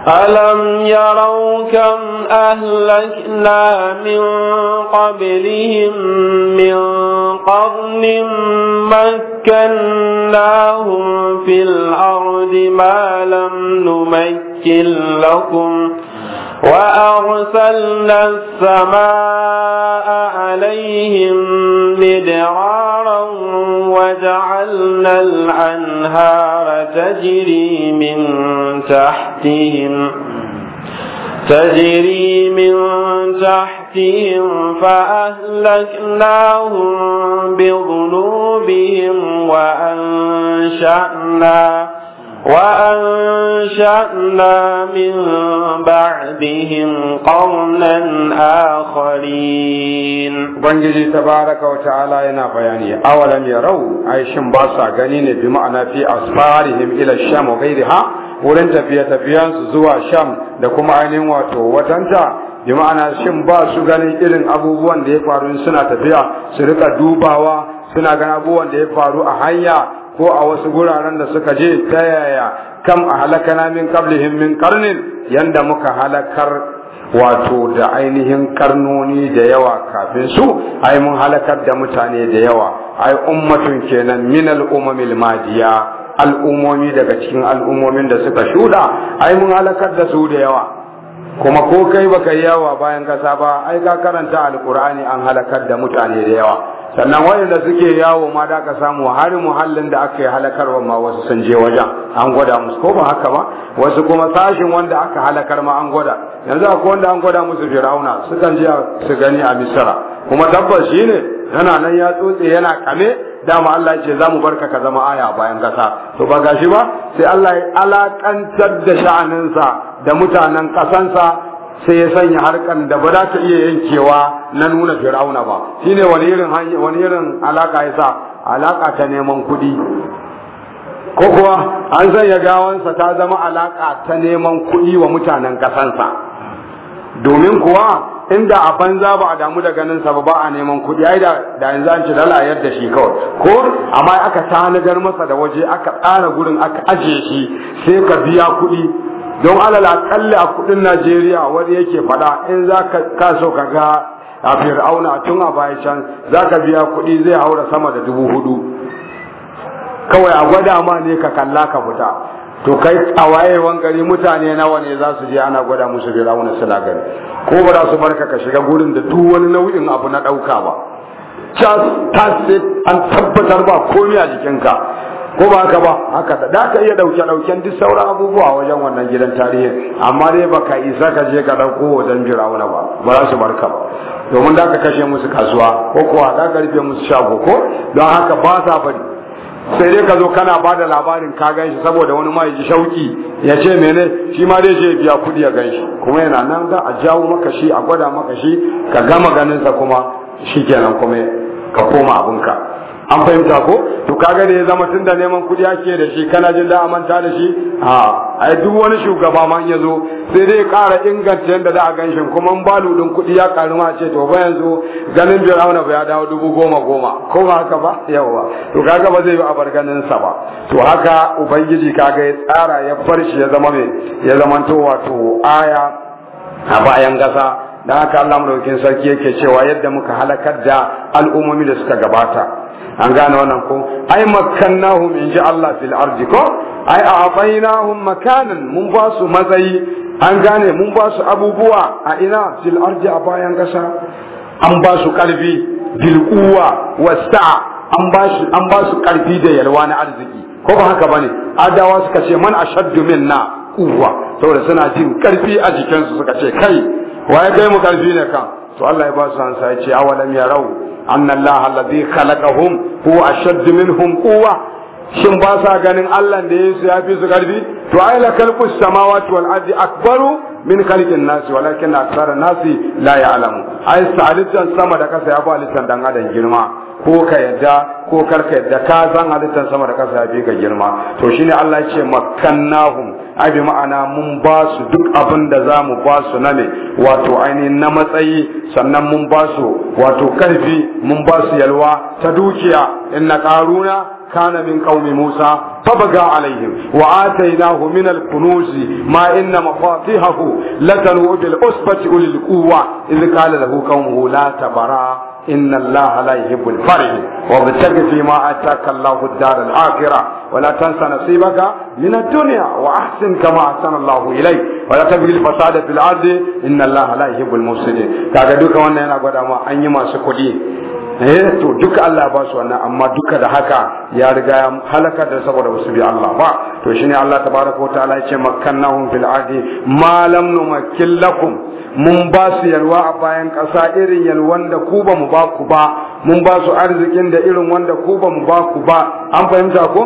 S2: ألم يروا كم أهلكنا من قبلهم من قرن مكناهم في الأرض ما لم نمكن لكم وأرسلنا السماء عليهم مدرارا وجعلنا الأنهار تجري من تحتهم تجري من تحتهم فأهلكناهم بظنوبهم وأنشأنا وأنشأنا من بعدهم قولا آخرين بنجي تبارك وتعالى ينا
S1: بياني أولم يروا عيشم باسا غنين بمعنى في أسفارهم إلى الشام وغيرها ولن تفيا تفيان زوا الشام لكم عينين واتو وتنتا بمعنى شم باسو غنين إلن أبو بوان ديكوارو سنة تفيا سرقة دوباوا suna ganin abubuwan da ya faru a ko a wasu guraren da suka je ta yaya kam a halakana min qablihim min qarnin yanda muka halakar wato da ainihin karnoni da yawa kafin su ai mun halakar da mutane da yawa ai ummatun kenan min al'umamil madiya al'ummomi daga cikin al'umomin da suka shuda ai mun halakar da su da yawa kuma ko kai baka yawa bayan kasa ba ai ka karanta alqur'ani an halakar da mutane da yawa sannan waɗanda suke yawo ma da aka samu har muhallin da aka yi halakarwa ma wasu sun je wajen an gwada musu ko ba haka ba wasu kuma sashin wanda aka halakar ma an gwada yanzu akwai wanda an gwada musu firauna sukan je su gani a misira kuma tabbas ne yana nan ya tsotse yana kame dama Allah ya ce za mu barka ka zama aya bayan kasa to ba gashi ba sai Allah ya alakantar da sha'aninsa da mutanen kasansa sai ya sanya harkan da ba za ta iya yankewa na nuna fir'auna ba shine wani irin wani irin alaka sa alaka ta neman kuɗi ko kuwa an sanya gawansa ta zama alaka ta neman kuɗi wa mutanen ƙasansa domin kuwa inda a banza ba a damu da ganinsa ba ba a neman kuɗi ai da da yanzu an ci dala yadda shi kawai ko amma aka tanadar masa da waje aka tsara gurin aka ajiye shi sai ka biya kuɗi don alal kalli a kudin Najeriya wani yake fada, in za ka kaso ka ga a fir'auna tun a baya can za ka biya kuɗi zai haura sama da dubu hudu kawai a gwada ma ne ka kalla ka fita to kai a wayewan gari mutane nawa ne za su je ana gwada musu fir'auna sila gari ko ba za su barka ka shiga gurin da duk wani nau'in abu na ɗauka ba just sai an tabbatar ba komai a jikinka ko ba haka ba haka da ka iya dauke dauken duk sauran abubuwa wajen wannan gidan tarihi amma dai baka isa ka je ka dauko wajen jirawuna ba ba za su barka ba domin da ka kashe musu kasuwa ko kuwa da ka rufe musu shago ko don haka ba sa bari sai dai ka zo kana ba da labarin ka gan shi saboda wani ma ya ji shauki ya ce mene shi ma dai je biya kudi ya gan kuma yana nan za a jawo maka shi a gwada maka shi ka gama ganinsa kuma shikenan kenan kuma ka koma abinka an fahimta ko to kaga da ya zama tunda neman kuɗi ake da shi kana jin da amanta da shi a ai duk wani shugaba ma ya zo sai dai ƙara inganta yadda za a ganshi, kuma kuma ba din kuɗi ya ƙaru ma ce to ba yanzu ganin Fir'auna ba ya dawo dubu goma goma ko ba haka ba yawa to kaga ba zai yi abar ganin sa ba to haka ubangiji kaga ya tsara ya bar ya zama me ya to wato aya a bayan gasa da haka Allah mulkin sarki yake cewa yadda muka halakar da al'ummomi da suka gabata an gane wannan ko ai makkannahum in ji Allah fil ardi ko ai a'tainahum makanan mun ba su matsayi an gane mun ba su abubuwa a ina fil ardi a bayan kasa an ba su karfi bil quwwa an ba su an ba su karfi da yalwa na arziki ko ba haka bane adawa suka ce man ashaddu minna To saboda suna jin karfi a jikinsu suka ce kai waye kai mu karfi ne kan to Allah ya ba su hansa ya ce awalam yarau anna Allah allazi khalaqahum huwa ashadd minhum quwwa shin ba sa ganin Allah da Yesu ya fi su karfi to ai la khalqu samawati wal ardi akbaru min khalqin nasi walakin aktsara nasi la ya'lamu ai halittar sama da ƙasa ya fi halittar dan adam girma ko ka yadda ko karka yadda ka zan halittar sama da ƙasa bi ga girma to shine Allah ya ce makkannahum abi ma'ana mun ba su duk abin da za mu ba su na ne wato ainihin na matsayi sannan mun ba su wato karfi mun ba su yalwa ta dukiya inna karuna kana min qaumi musa fabaga alaihim wa atainahu min al-kunuz ma inna mafatihahu latanu bil usbati ulil quwwa idh qala lahu qaumuhu la tabara إن الله لا يحب الفرح وابتغ فيما آتاك الله الدار الآخرة ولا تنس نصيبك من الدنيا وأحسن كما أحسن الله إليك ولا تبغي الفساد في الأرض إن الله لا يحب المفسدين كاغدوك وانا أنا قد أما أني ما سكولي eh to duka Allah ba su wannan amma duka da haka ya riga ya halaka da saboda wasu bi Allah ba to shine Allah tabaraka wa ta'ala yace makkannahum fil ardi ma lam numakkil lakum mun ba su yalwa a bayan ƙasa irin yalwan da ku ba mu ba ku ba mun ba su arzikin da irin wanda ku ba mu ba ku ba an fahimta ko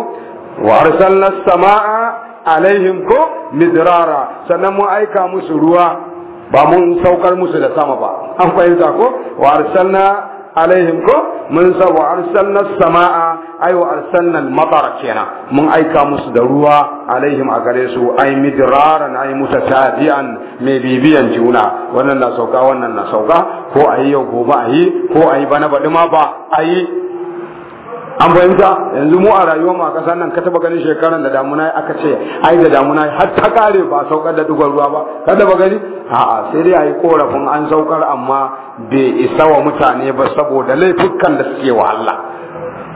S1: wa arsalna samaa alaihim ko midrara sannan mun aika musu ruwa ba mun saukar musu da sama ba an fahimta ko wa arsalna alaihim ko mun sa wa arsalna samaa ay wa arsalna al-matar kenan mun aika musu da ruwa alaihim a gare su ay midraran ay mutatabi'an me bibiyan juna wannan na sauka wannan na sauka ko ayi yau gobe ayi ko ayi bana baɗi ma ba ayi an fahimta yanzu mu a rayuwar mu a kasar nan ka taba ganin shekaran da damuna aka ce ai da damuna har ta kare ba saukar da dugar ruwa ba ka taba gani a'a sai dai ayi korafin an saukar amma bai isa wa mutane ba saboda laifukan da suke wahala.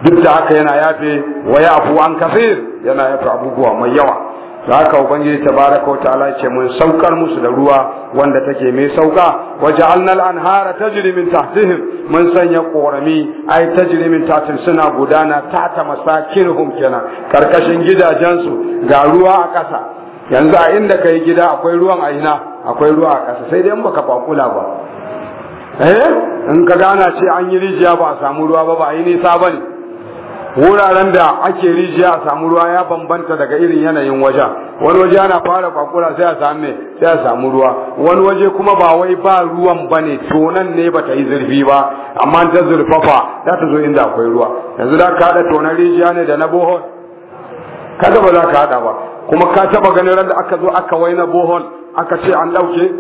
S1: duk da haka yana yafe wa yafu an kafir yana yafe abubuwa mai yawa da ubangi ta baraka wa ta'ala ce mun saukar musu da ruwa wanda take mai sauka wa ja'alna al-anhara tajri min tahtihim mun sanya korami ai tajri min tahtihim suna gudana ta ta masakinhum kenan karkashin gidajensu ga ruwa a ƙasa yanzu a inda kai gida akwai ruwan a ina akwai ruwa a kasa sai dai in baka fakula ba eh in ka gana ce an yi rijiya ba a samu ruwa ba ba a yi nisa bane wuraren da ake rijiya a samu ruwa ya bambanta daga irin yanayin wajen wani waje ana fara kwakura sai a samu sai a samu ruwa wani waje kuma ba wai ba ruwan bane tonan ne bata yi zurfi ba amma ta zurfafa za ta zo inda akwai ruwa yanzu da ka haɗa tonan rijiya ne da na bohol kada ba za ka haɗa ba kuma ka taba ganin ran da aka zo aka wai na bohol aka ce an ɗauke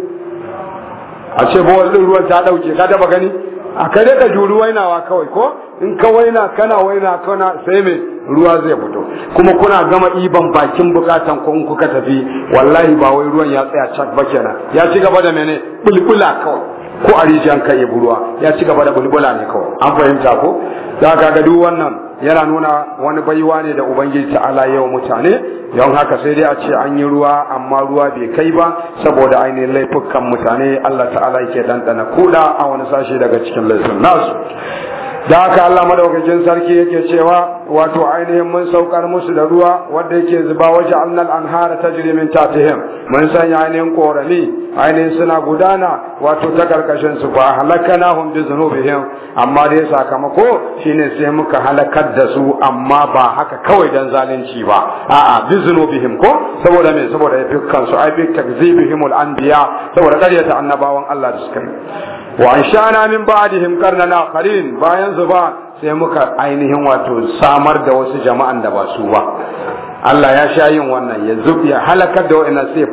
S1: a ce bohol ɗin ruwan ta ɗauke ka taɓa gani a kai dai ka juri wainawa kawai ko in ka waina kana waina kana sai mai ruwa zai fito kuma kuna gama iban bakin bukatan kun kuka tafi wallahi ba wai ruwan ya tsaya cak ba kenan ya ci gaba da mene bulbula kawai ko a rijiyan kai ya ya ci gaba da bulbula ne kawai an fahimta ko za ka ga duk wannan yana nuna wani baiwa ne da ubangiji ta'ala yau mutane yawan haka sai dai a ce an yi ruwa amma ruwa bai kai ba saboda ainihin laifukan mutane Allah ta'ala yake ɗanɗana kuɗa a wani sashe daga cikin laifin nasu da haka Allah madaukakin sarki yake cewa wato ainihin mun saukar musu da ruwa wanda yake zuba waje annal anhara tajri min tatihim mun sanya ainihin korami ainihin suna gudana wato ta karkashin su fa halakanahum bi zunubihim amma dai sakamako shine sai muka halakar da su amma ba haka kawai dan zalunci ba a'a bi zunubihim ko saboda me saboda ya yafikan su ai bi takzibihimul anbiya saboda karyata annabawan Allah da suka yi wa himkar min ba'dihim qarnana qarin bayan zuba sai muka ainihin wato samar da wasu jama'an da ba su ba Allah ya sha yin wannan ya zub ya halakar da wa'ina sai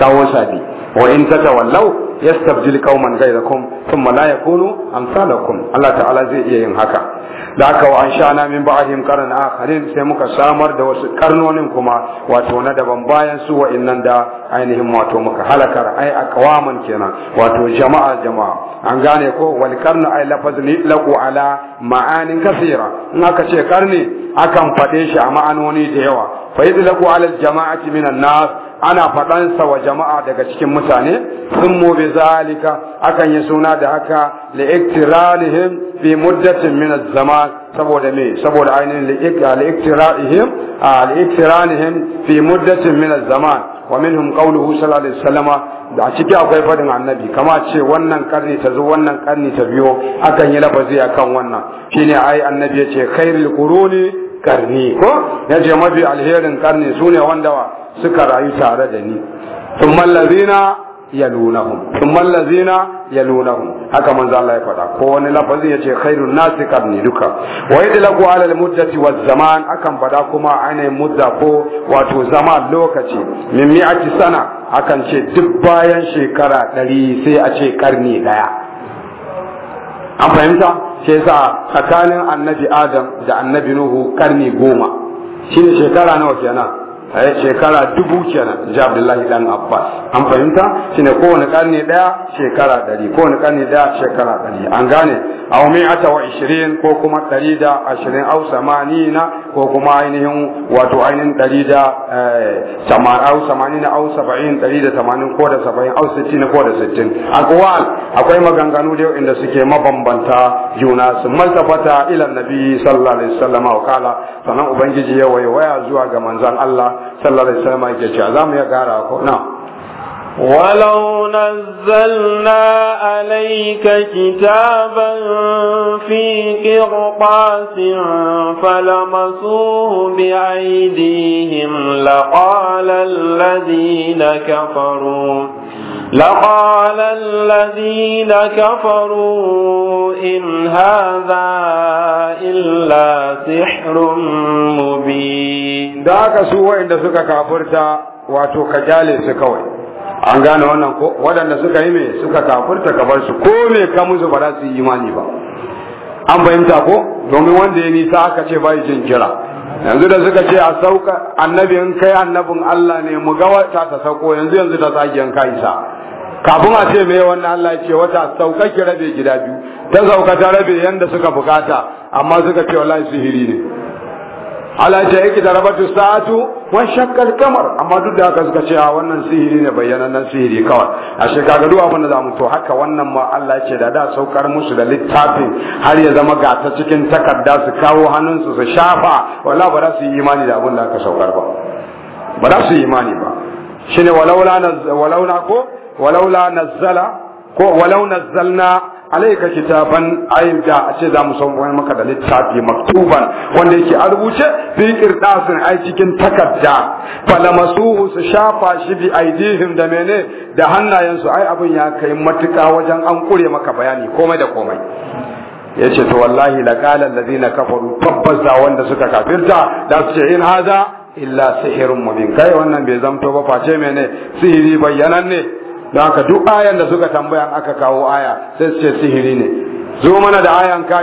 S1: kawo sadi. wa in ta tawallau yastabdil qauman ghayrakum thumma la yakunu amsalakum Allah ta'ala zai iya yin haka da aka wa ansha'na min ba'dihim qarnan akharin sai muka samar da wasu karnonin kuma wato na daban bayan su wa innan da ainihin wato muka halakar ai aqwaman kenan wato jama'a jama'a an gane ko wal qarnu ai lafazin yutlaqu ala ma'anin kasira in aka ce karni akan faɗe shi a ma'anoni da yawa fa yutlaqu ala al jama'ati min an-nas ana faɗansa wa jama'a daga cikin mutane sun bi zalika akan yi suna da haka li'iktiralihim fi muddatin min zaman saboda me saboda ainihin li'iktiralihim li'iktiralihim fi muddatin min zaman wa minhum qawluhu sallallahu alaihi wasallama da ciki akwai fadin annabi kama ce wannan karni ta zo wannan karni ta biyo akan yi lafazi akan wannan shine ai annabi ya ce khairul quruni karni ko ya ce mafi alherin karni sune wanda wa suka rayu tare da ni thumma allazina yalunahum ya allazina yalunahum haka manzo Allah ya faɗa ko wani lafazi yace khairun nasi karni duka wa yadlaku ala almuddati waz zaman akan faɗa kuma ainihin mudda ko wato zama lokaci min mi'ati sana akan ce duk bayan shekara ɗari sai a ce karni ɗaya an fahimta sai sa tsakanin annabi adam da annabi nuhu karni goma shine shekara nawa kenan a shekara dubu kenan ji abdullahi dan abbas an fahimta shine kowane karni daya shekara ɗari kowane karni daya shekara ɗari an gane a wa ishirin ko kuma ɗari da ashirin au samanina ko kuma ainihin wato ainihin ɗari da tamanin eh, au saba'in ɗari da tamanin ko da saba'in au sittin ko da sittin akwai akwai maganganu da inda suke mabambanta juna su maltafata ila nabi sallallahu alaihi wasallam wa kala sannan ubangiji ya waya zuwa ga manzon Allah sallallahu alaihi wasallam yake cewa mu ya gara
S2: ko na ولو نزلنا عليك كتابا في قرطاس فلمسوه بأيديهم لقال الذين كفروا لقال الذين كفروا إن هذا إلا سحر مبين دعك سوى إن سكا كافرتا واتوك
S1: جالس كوي an gane wannan ko waɗanda suka yi mai suka kafurta ka bar su ko me ka musu ba za su yi imani ba an fahimta ko domin wanda ya nisa aka ce bai jin kira yanzu da suka ce a sauka annabi in kai annabin Allah ne mu ga wata ta sauko yanzu yanzu ta tsage an kai sa kafin a ce me wannan Allah ya ce wata sauka rabe gida biyu ta sauka ta rabe yanda suka bukata amma suka ce wallahi sihiri ne ala ta yake da rabatu sa'atu wa shakkal kamar amma duk da haka suka ce a wannan sihiri ne nan sihiri kawai a shekaru duk abin da mu to haka wannan ma Allah ce da da saukar musu da littafin har ya zama ga ta cikin takarda su kawo hannunsu su shafa wallahi ba za su yi imani da abin da aka saukar ba ba za su yi imani ba shine walaula walaula ko walaula nazzala ko walau nazzalna alaika kitaban aida a ce za mu san wani maka da littafi maktuban wanda yake a rubuce fi irdasin ai cikin takadda falamasuhu su shafa shi bi aidihim da mene da hannayensu ai abin ya kai matuka wajen an kure maka bayani komai da komai ya ce to wallahi laqala allazina kafaru tabbas wanda suka kafirta da su ce in haza illa sihirun mubin kai wannan bai zamto ba face mene sihiri ne. don haka duk ayan da suka tambaya aka kawo aya sai su ce sihiri ne zo mana da ayan ka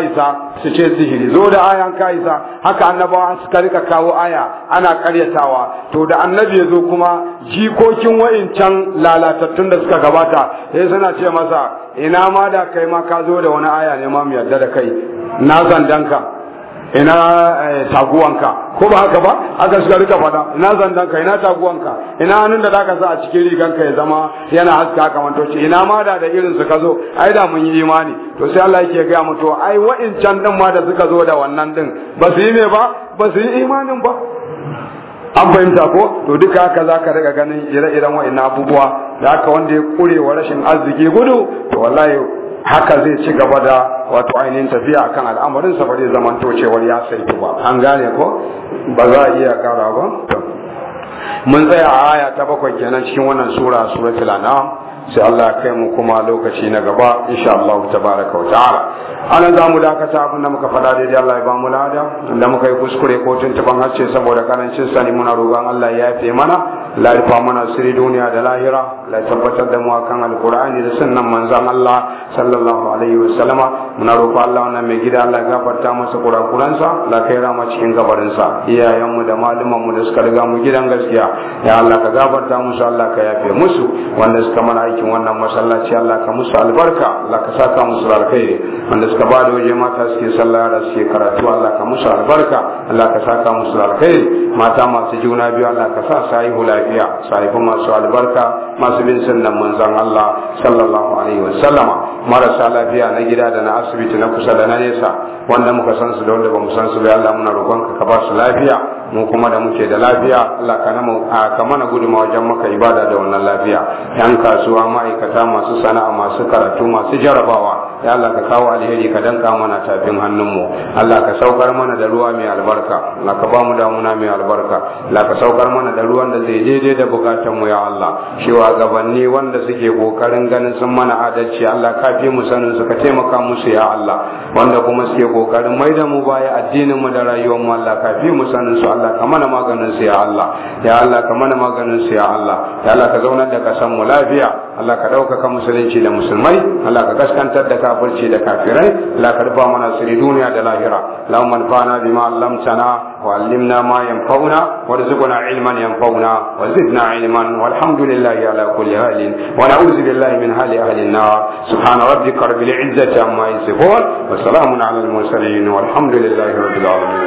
S1: su ce sihiri zo da ayan ka isa haka annabawa suka rika kawo aya ana karyatawa to da annabi ya zo kuma jikokin wa'incan lalatattun da suka gabata sai suna ce masa ina ma da kai ma ka zo da wani aya ne ma mu yarda da kai na zandanka ina eh, taguwanka ko ba haka ba aka shiga rika fada ina zandanka ina taguwanka ina hannun da zaka sa a cikin riganka ya zama yana haska ce ina ma da da irin su zo ai da mun yi imani to sai Allah yake ga mu to ai wa'incan din ma da suka zo da wannan din ba su yi ne ba ba su yi imanin ba an fahimta ko to duka haka zaka ka ganin ire-iren wa'in abubuwa da haka wanda ya kure wa rashin arziki gudu to wallahi haka zai ci gaba da wato ainihin tafiya akan al'amarin sa bari zaman tocewar ya sai ba an gane ko ba za a iya kara ba mun tsaya a aya ta bakwai kenan cikin wannan sura suratul anam sai Allah ya kai mu kuma lokaci na gaba insha Allah tabaraka wa ta'ala za zamu dakata abin da muka faɗa daidai Allah ya ba mu lada da muka yi kuskure ko tuntuban harshe saboda karancin sani muna roƙon Allah ya yafe mana la rufa mana sirri duniya da lahira la tabbatar da mu akan alqur'ani da sunnan manzon Allah sallallahu alaihi wa sallama muna roƙo Allah wannan mai gida Allah ya gafarta masa kurakuransa la kai rama cikin gabarinsa iyayenmu da malamanmu da suka riga mu gidan gaskiya ya Allah ka gafarta musu Allah ka yafe musu wanda suka mana aikin wannan masallaci Allah ka musu albarka Allah ka saka musu alkhairi wanda suka ba da waje mata suke sallah da suke karatu Allah ka musu albarka Allah ka saka musu alkhairi mata masu juna biyu Allah ka sa su haihu lafiya su haifi masu albarka masu bin sunnan manzon Allah sallallahu alaihi wa sallama marasa lafiya na gida da na asibiti na kusa da na nesa wanda muka san su da wanda bamu san su ba Allah muna roƙon ka ba su lafiya mu kuma da muke da lafiya Allah ka a ka mana guduma wajen maka ibada da wannan lafiya yan kasuwa ma'aikata masu sana'a masu karatu masu jarabawa ya Allah ka kawo alheri ka danka mana tafin hannunmu Allah ka saukar mana da ruwa mai albarka Allah ka ba mu damuna mai albarka Allah ka saukar mana da ruwan da zai daidai da bukatunmu ya Allah cewa gabanni wanda suke kokarin ganin sun mana adalci Allah ka fi mu sanin su ka taimaka musu ya Allah wanda kuma suke kokarin mai da mu baya addinin mu da rayuwar mu Allah ka fi mu sanin su Allah ka mana maganin su ya Allah ya Allah ka mana maganin su ya Allah ya Allah ka zaunar da kasan mu lafiya Allah ka ɗaukaka musulunci da musulmai Allah ka kaskantar da ka kafirci da kafirai la mana sirri duniya da lahira la manfa'na bima allamtana wa allimna ma ilman yanfa'una wa ilman walhamdulillahi ala kulli halin min hali ahli an-nar subhana izzati والحمد لله رب العالمين